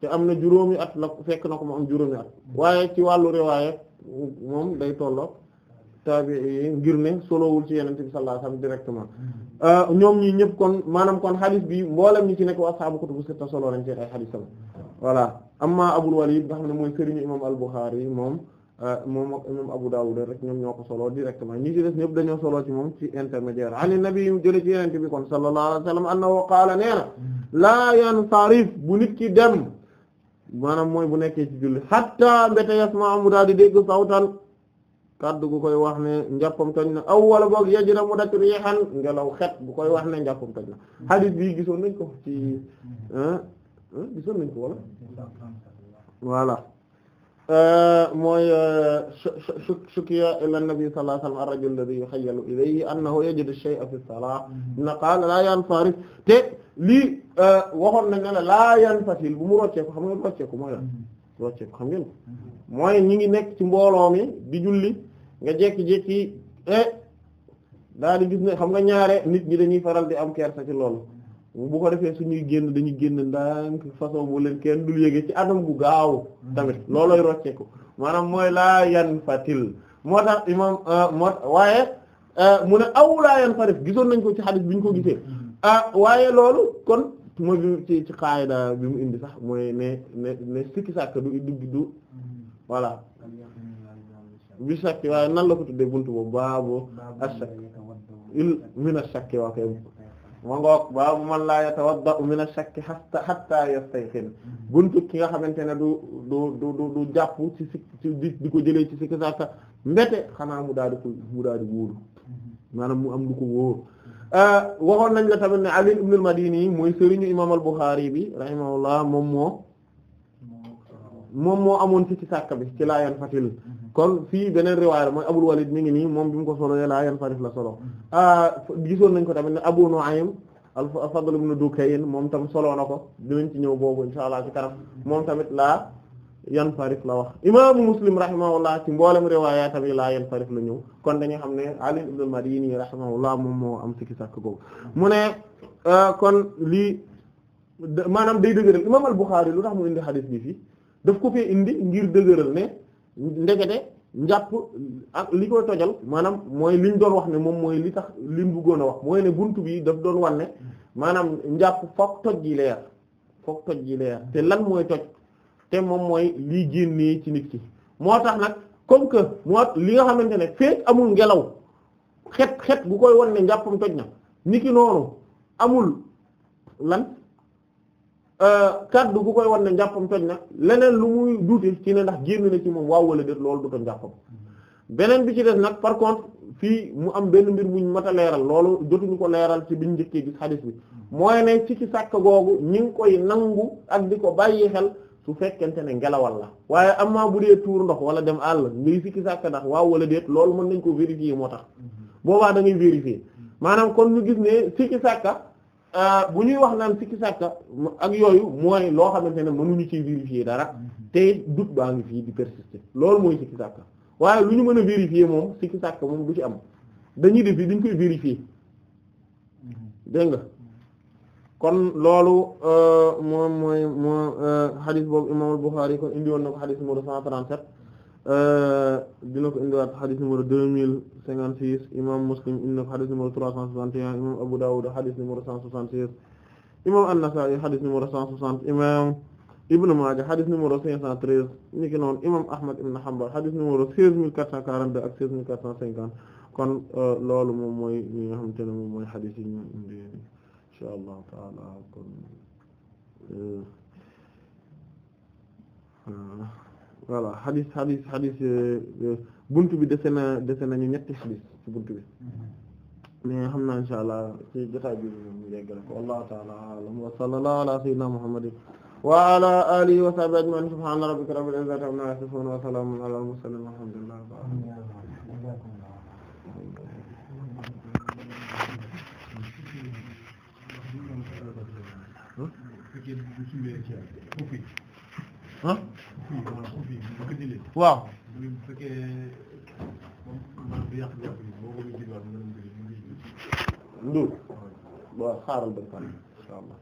te am na juróomi at la fekk na ko mu am juróomi at waaye ci wàllu riwaaya moom day tolloog taabii ngir ne solowul ci yenente bi sallallahu alayhi wasallam directement hmm. euh, ñoom ñi ñëpp kon maanaam kon xadis bi mboolem ñi ci nekk wa ashaabu kutubu sitta solo nañ ci ay xadisam voilà amma Abul Walid nga xam ne mooy sëriñu imam al-Bukhari moom euh, moom ak imam Abu Dawud rek ñoom ñoo ko solo directement ñii ci def ñëpp dañoo solo ci moom ci intermédiaire ani nabi jële ci yenente bi kon sallallahu alayhi wasallam annahu qaala nee na hmm. laa yansarif bu nit ki dem maanaam mooy bu nekkee ci julli hatta mbete yasma mu daal di dégg sawtan kaddu gu koy wax ne njàppam toj na aw walla wala boog yajira mu daj rihan ngelaw xet bu koy wax ne njàppam toj na hadith bi gisoon nañ ko ci ah, ah, gisoon nañ ko wala voilà mooy shukiya ila nabi sallallahu alayhi wasallam ar-rajul alladhi yukhayyalu ilayhi annahu yajidu shay'a fi as-salah na qaala waxoon nañ ne la laa yanfasil bu mu rocceeku xam ngeen rocceeku mooy la rocceeku xam ngeen ko mooy ñi ngi nekk ci mbooloo mi di julli nga jékki-jékki daal di gis ne xam nga ñaare nit ñi dañuy faral di am kersa ci loolu bu ko defee suñu génn dañuy génn ndànk façon bu leen kenn dul yéege ci anam gu gaaw tamit mm. loolooy rocceeku maanaam mooy laa yan fatil moo tax imam euh, waaye euh, mu ne aw laa yan farif gisoon nañ ko ci xadis biñ ko gisee mm. ah waaye loolu kon mooy bi ci ci xaayida bi mu indi sax mooy ne ne ne du du du mm. voilà bi sakki waaye nan la ko tuddee buntu boobu baabo ashak il min ashakki waa koy ma ngoog baabu man laa yatawaddau min ash-shakki hatta hatta yastayqin buntu ki nga xamante ne du du du du du ci ci di ko jëlee ci sikki sàkka mbete xanaa mu daal di ko mu daal di wóoru maanaam mu am lu ko wóor euh, waxoon nañ la tamit ne Ali ibn al-Madini mooy sëriñu imam al-Bukhari bi rahimahullah moom moo moom moo amoon ci ci sàkk bi ci laa yan fatil mm-hmm. kon fii beneen riwaaya mooy Abul Walid mi ngi nii moom bi mu ko solo laa yan fatil la solo mm-hmm. ah, gisoon nañ ko tamit ne Abu Nu'aym al-Fadl ibn Dukayn moom tam solo na ko dinañ ci ñëw boobu insha Allah ci kanam moom tamit laa yan farif la wax imaamu Muslim rahimahullah ci mboolem riwaayaatam yi laa yan farif la ñëw kon dañuy xam ne Ali ibn al-Madini rahimahullah moom moo am ci sàkk boobu mu ne ah, kon lii maanaam day dëgëral imaam al-Bukhari lu tax mu indi bi fii daf ko fee indi ngir dëgëral ne ndegete njàpp ak li koy tojal maanaam mooy liñ doon wax ne moom mooy li tax liñ buggoon a wax mooy ne bunt bi daf doon wan ne maanaam njàpp foog toj gi leer foog toj gi leer te lan mooy toj te moom mooy lii génnee ci nit ki moo tax nag comme que moo li nga xamante ne feek amul ngelaw xet xet gu koy wan ne njàppam toj na niki noonu amul lan Euh, kaddu gu koy wan ne njàppam toj na leneen lu muy duute ci ne ndax génn na ci moom waaw wala déet loolu du ko njàppam beneen bi ci des nag par contre fii mu am benn mbir muñ mat a leeral loolu jotuñu ko leeral ci bi njëkkee gis xadis bi mooy ne ci ci sàkk googu ñi ngi koy nangu ak di ko bàyyi xel su fekkente ne ngelawal la waaye am amaa bu dee tuur ndox wala dem àll ngay sikki sàkk ndax waaw wala déet loolu mën nañ ko vérifier moo tax mm-hmm. boobaa da ngay Euh, bu ñuy wax naan sikki sàkka ak yooyu mooy loo xamante ne mënuñu ci vérifier dara mhm. te doute baa ngi fii di persister loolu mooy sikki sàkka waaye lu ñu mën a vérifier moom sikki sàkka moom du ci am dañuy def dañ koy vérifier mhm. dégg nga kon loolu euh, moom mooy moom xadis euh, boobu imam al Bukhari kon indi woon na moo xadis numéro 137 Euh, dina ko indiwaat xadis numéro deux mille cinquante six imam Muslim indi na ko xadis numéro trois cent soixante et un imam Abu Dawud xadis numéro cent soixante six imam An-Nasa'i xadis numéro Ibn Maaja xadis numéro cinq cent treize ni imam Ahmad ibn Hanbal xadis numéro seize mille quatre cent quarante kon euh, loolu moom mooy li nga xamante ne moom mooy xadis yi ñu indi insha Allah taala kon euh, voilà xadis xadis xadis buntu bi dese na dese nañu ñetti xadis ci buntu bi mm-hmm. mais xam naa insha allah ci jotaay bi ñu yeggal ko wallahu ta'ala a'lam wa sallallahu ala sayyidina muhammadin wa ala alihi wa sahbihi ajma'in subhana rabbika rabbil izzati amma yasifun wa salamun ala al-mursalin walhamdulillahi ah waaw. Ndour. waaw xaaral ba fan insha allah.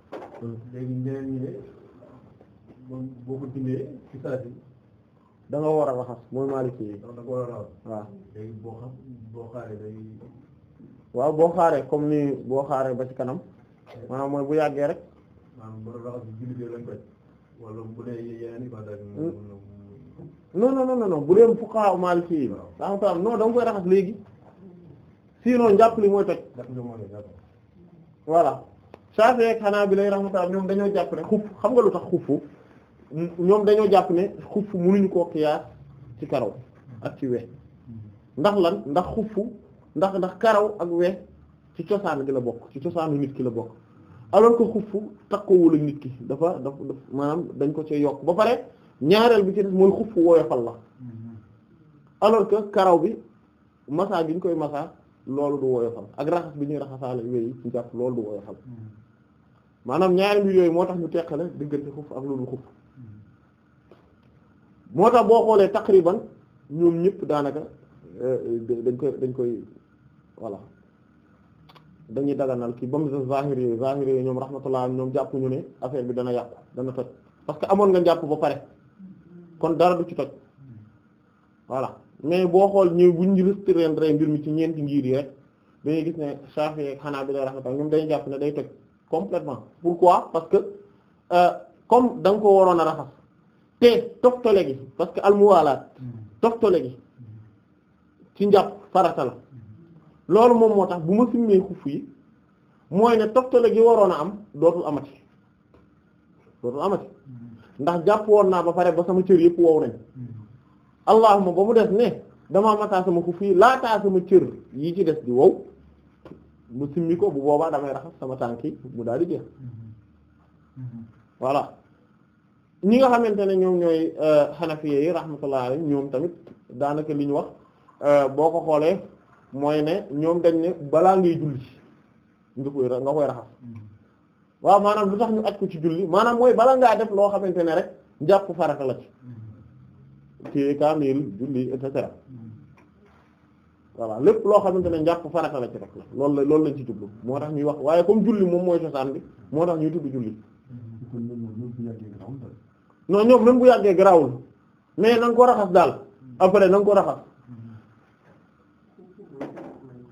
léegi ñeneen ñi ne dindee ci war a raxas mooy Maliki yi. da nga war a waaw boo xaaree day. boo xaaree comme ni boo xaaree ba ci kanam maanaam mooy bu yàggee rek. wala bu dee yeneen hmm. non non non non bu dee fuqaha maliki yi. waaw daa non da nga koy raxas léegi. sinon njàpp li mooy toj. voilà Shafi'i ak Hanabila rahmatullah ñoom dañoo jàpp ne xuf xam nga lu tax xufu ñoom dañoo jàpp ne xuf mënuñu koo xiyaas ci karaw ak ci we ndax lan ndax xufu ndax ndax karaw ak we ci cosaan gi la bokk ci cosaanu nit ki la bokk. alors que xuf takkuwul ak nit ki dafa daf maanaam dañ ko ci yokk ba pare ñaareel bi ci def mooy xuf woyofal la mm-hmm. alors que karaw bi masaa gi ñu koy massa loolu du woyofal ak raxas bi ñuy raxasaale yooyu ci jàpp loolu du woyofal mm-hmm. maanaam ñaari mbir yooyu moo tax ñu teqale diggante xuf ak loolu xuf mm-hmm. moo tax boo xoolee taqriban ñoom ñëpp daanaka euh, dañ koy dañ koy dañuy daganal kii ba mu des zahiri yi zahiri yi ñoom rahmatullah ñoom jàpp ñu ne affaire bi dana yàqu dana toj parce que amoon nga njàpp ba pare kon dara du ci toj voilà mais boo xool ñëw buñ restreindre mbir mi ci ñeenti ngir yi rek dañuy gis ne Shafi'i ak Hanabila rahmatullah ñoom dañuy jàpp ne day toj complètement pourquoi parce que euh, comme da nga ko waroon a raxas te toftale gi parce que almuwaalaat toftale gi ci njàpp farata loolu moom moo tax bu ma simmee xuf yi mooy ne a gi waroon a am dootul amati dootul amati ndax jàpp woon naa ba pare ba sama cër yëpp wow nañ allahuma ba mu des ne damaa mataa sama xuf yi laataa sama cër yi ci des di wow mu simmi ko bu boobaa damay raxas sama tànk yi mu daal di jeex voilà ñi nga xamante ne ñoom ñooy xanafiye euh, yi rahmatullah alayhi ñoom tamit daanaka li ñu wax euh, boo ko xoolee mooy ne ñoom dañ ne balaa ngay julli nga koy nga koy raxas waaw maanaam lu tax ñu aj ko ci julli maanaam mooy bala ngaa def loo xamante ne rek njàpp farata la ci téye kaamil julli et lépp loo xamante ne njàpp farata la ci rek loolu la loolu lañ ci jublu moo tax ñuy wax waaye comme julli moom mooy cosaan bi moo tax ñuy tudd julli non ñoom même bu yàggee garaawul mais na koo ko raxas daal après na nga ko raxas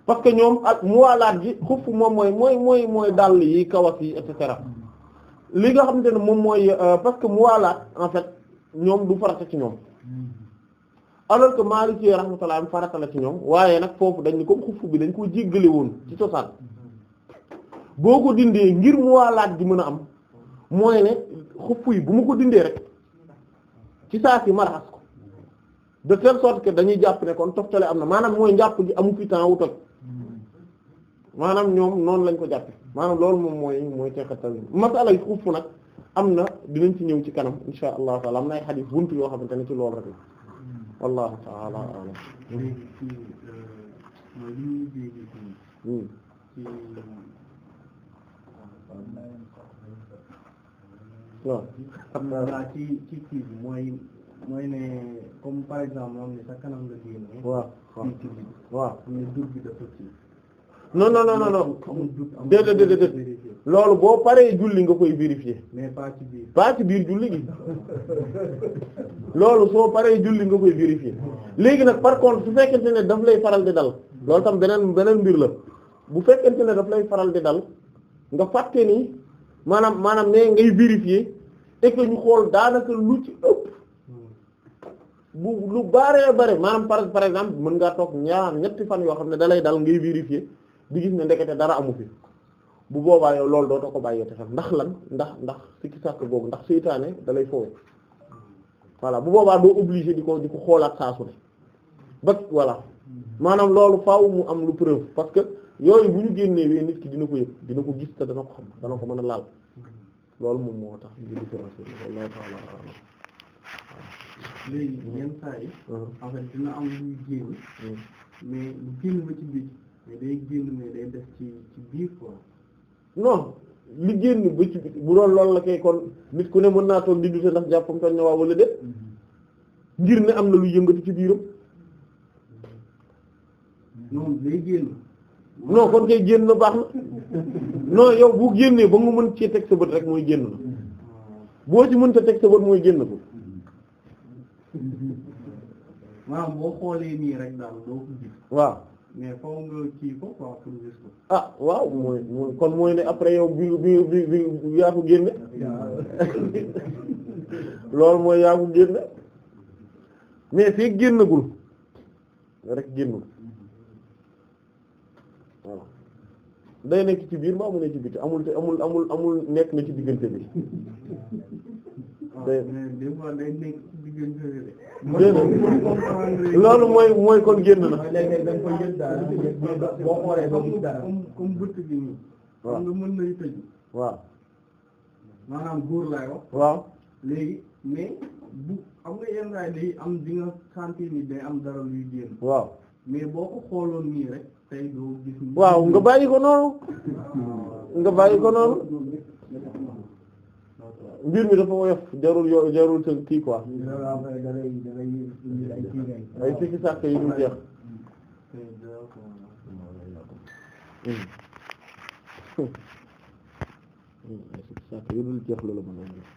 parce que ñoom ak muwaalaat gi xuf moom mooy mooy mooy mooy dàll yi kawas yi et cetera li nga xamante ne moom mooy euh, parce que muwaalaat en fait ñoom du farata ci ñoom alors que Maliki rahmatullah am farata la ci ñoom waaye nag foofu dañ ni comme xuf bi dañ ko jéggale woon ci cosaan boo ko dindee ngir mu muwaalaat gi mën a am mooy ne xuf yi bu ma ko dindee rek ci saa si maraxas ko de telle sorte que dañuy jàpp ne kon toftale am na maanaam mooy njàpp gi amu fi wu toj maanaam ñoom noonu lañ ko jàppe maanaam loolu moom mooy mooy teqatal masala yi xuuf nag am na dinañ ci ñëw ci kanam insha allah taala am na ay buntu yoo xamante ne ci loolu rek la wallahu alam xam naa ci ci kii bi mooy mooy ne comme par exemple moom ni sa kanam nga non non non non non déedéet déedéet loolu boo paree julli nga koy vérifier mais pas ci biir pas ci biir julli gi loolu soo paree julli nga koy vérifier léegi nag par contre su fekkente ne daf lay faral di dal loolu tam beneen beneen mbir la bu fekkente ne daf lay faral di dal nga fàtte ni maanaam maanaam ne ngay vérifier et que ñu xool daanaka lu ci ëpp bu lu baaree bare maanaam par par exemple mën ngaa toog ñaar ñetti fan yoo xam ne dalay dal ngay vérifier di gis ne ndekete dara amu fi bu boobaa yow loolu dootoo ko bàyyee te sax ndax lan ndax ndax sikki sàkk googu ndax seytaane dalay lay foowe bu boobaa doo obligé di ko di ko xoolaat saa su ne ba voilà maanaam loolu faaw mu am lu preuve parce que yooyu bu ñu génnee wee nit ki dina ko yëg dina ko gis te dana ko xam dana ko mën a laal loolu moom moo tax di différence wallahu ta'ala léegi yenn uh-huh. am luy génn hmm. lu génn ba ci biir mais génn mais ci ci biir quoi. non li génn ba bu doon loolu la kay kon nit ku ne mën naa toog di dute ndax jàppam toog na waaw wala déet mm-hmm. ngir ne am na lu yëngatu ci biiram. Mm-hmm. non day génn. kon kay génn na baax na <laughs> non yow bu génnee ba mu mën ci teg sa bët rek mooy génn na mm-hmm. boo ci mënta teg sa mooy génn ko. <laughs> maanaam boo xoolee nii rek daal doo ko gis. waaw. mais foo nga kii ko quoi pour ah waaw mooy mooy kon mooy ne après yow bi bi bi bi yaa ko génne. <laughs> loolu mooy yaa ko génne mais fii génnagul rek génnul voilà day nekk ci biir ba mu ne ci biti amul amul amul amul nekk na ci diggante bi. <laughs> Ah, génn loolu mooy mooy kon génn na. boo xoolee boo gis dara comme bëtt bi waaw nga mën nañu tëj. waaw. góor laay wax. waaw léegi mais bu am nga yenn raay day am di nga sentir ni day am dara luy génn. waaw mais boo ko xooloon nii rek tey doo gis. waaw <laughs> nga bàyyi ko noonu. nga bàyyi ko noonu. mbir mi dafa woyof jarul yo jarul kii quoi ay sikki sàkk yi dul jeex sikki hmm. hmm, sàkk yi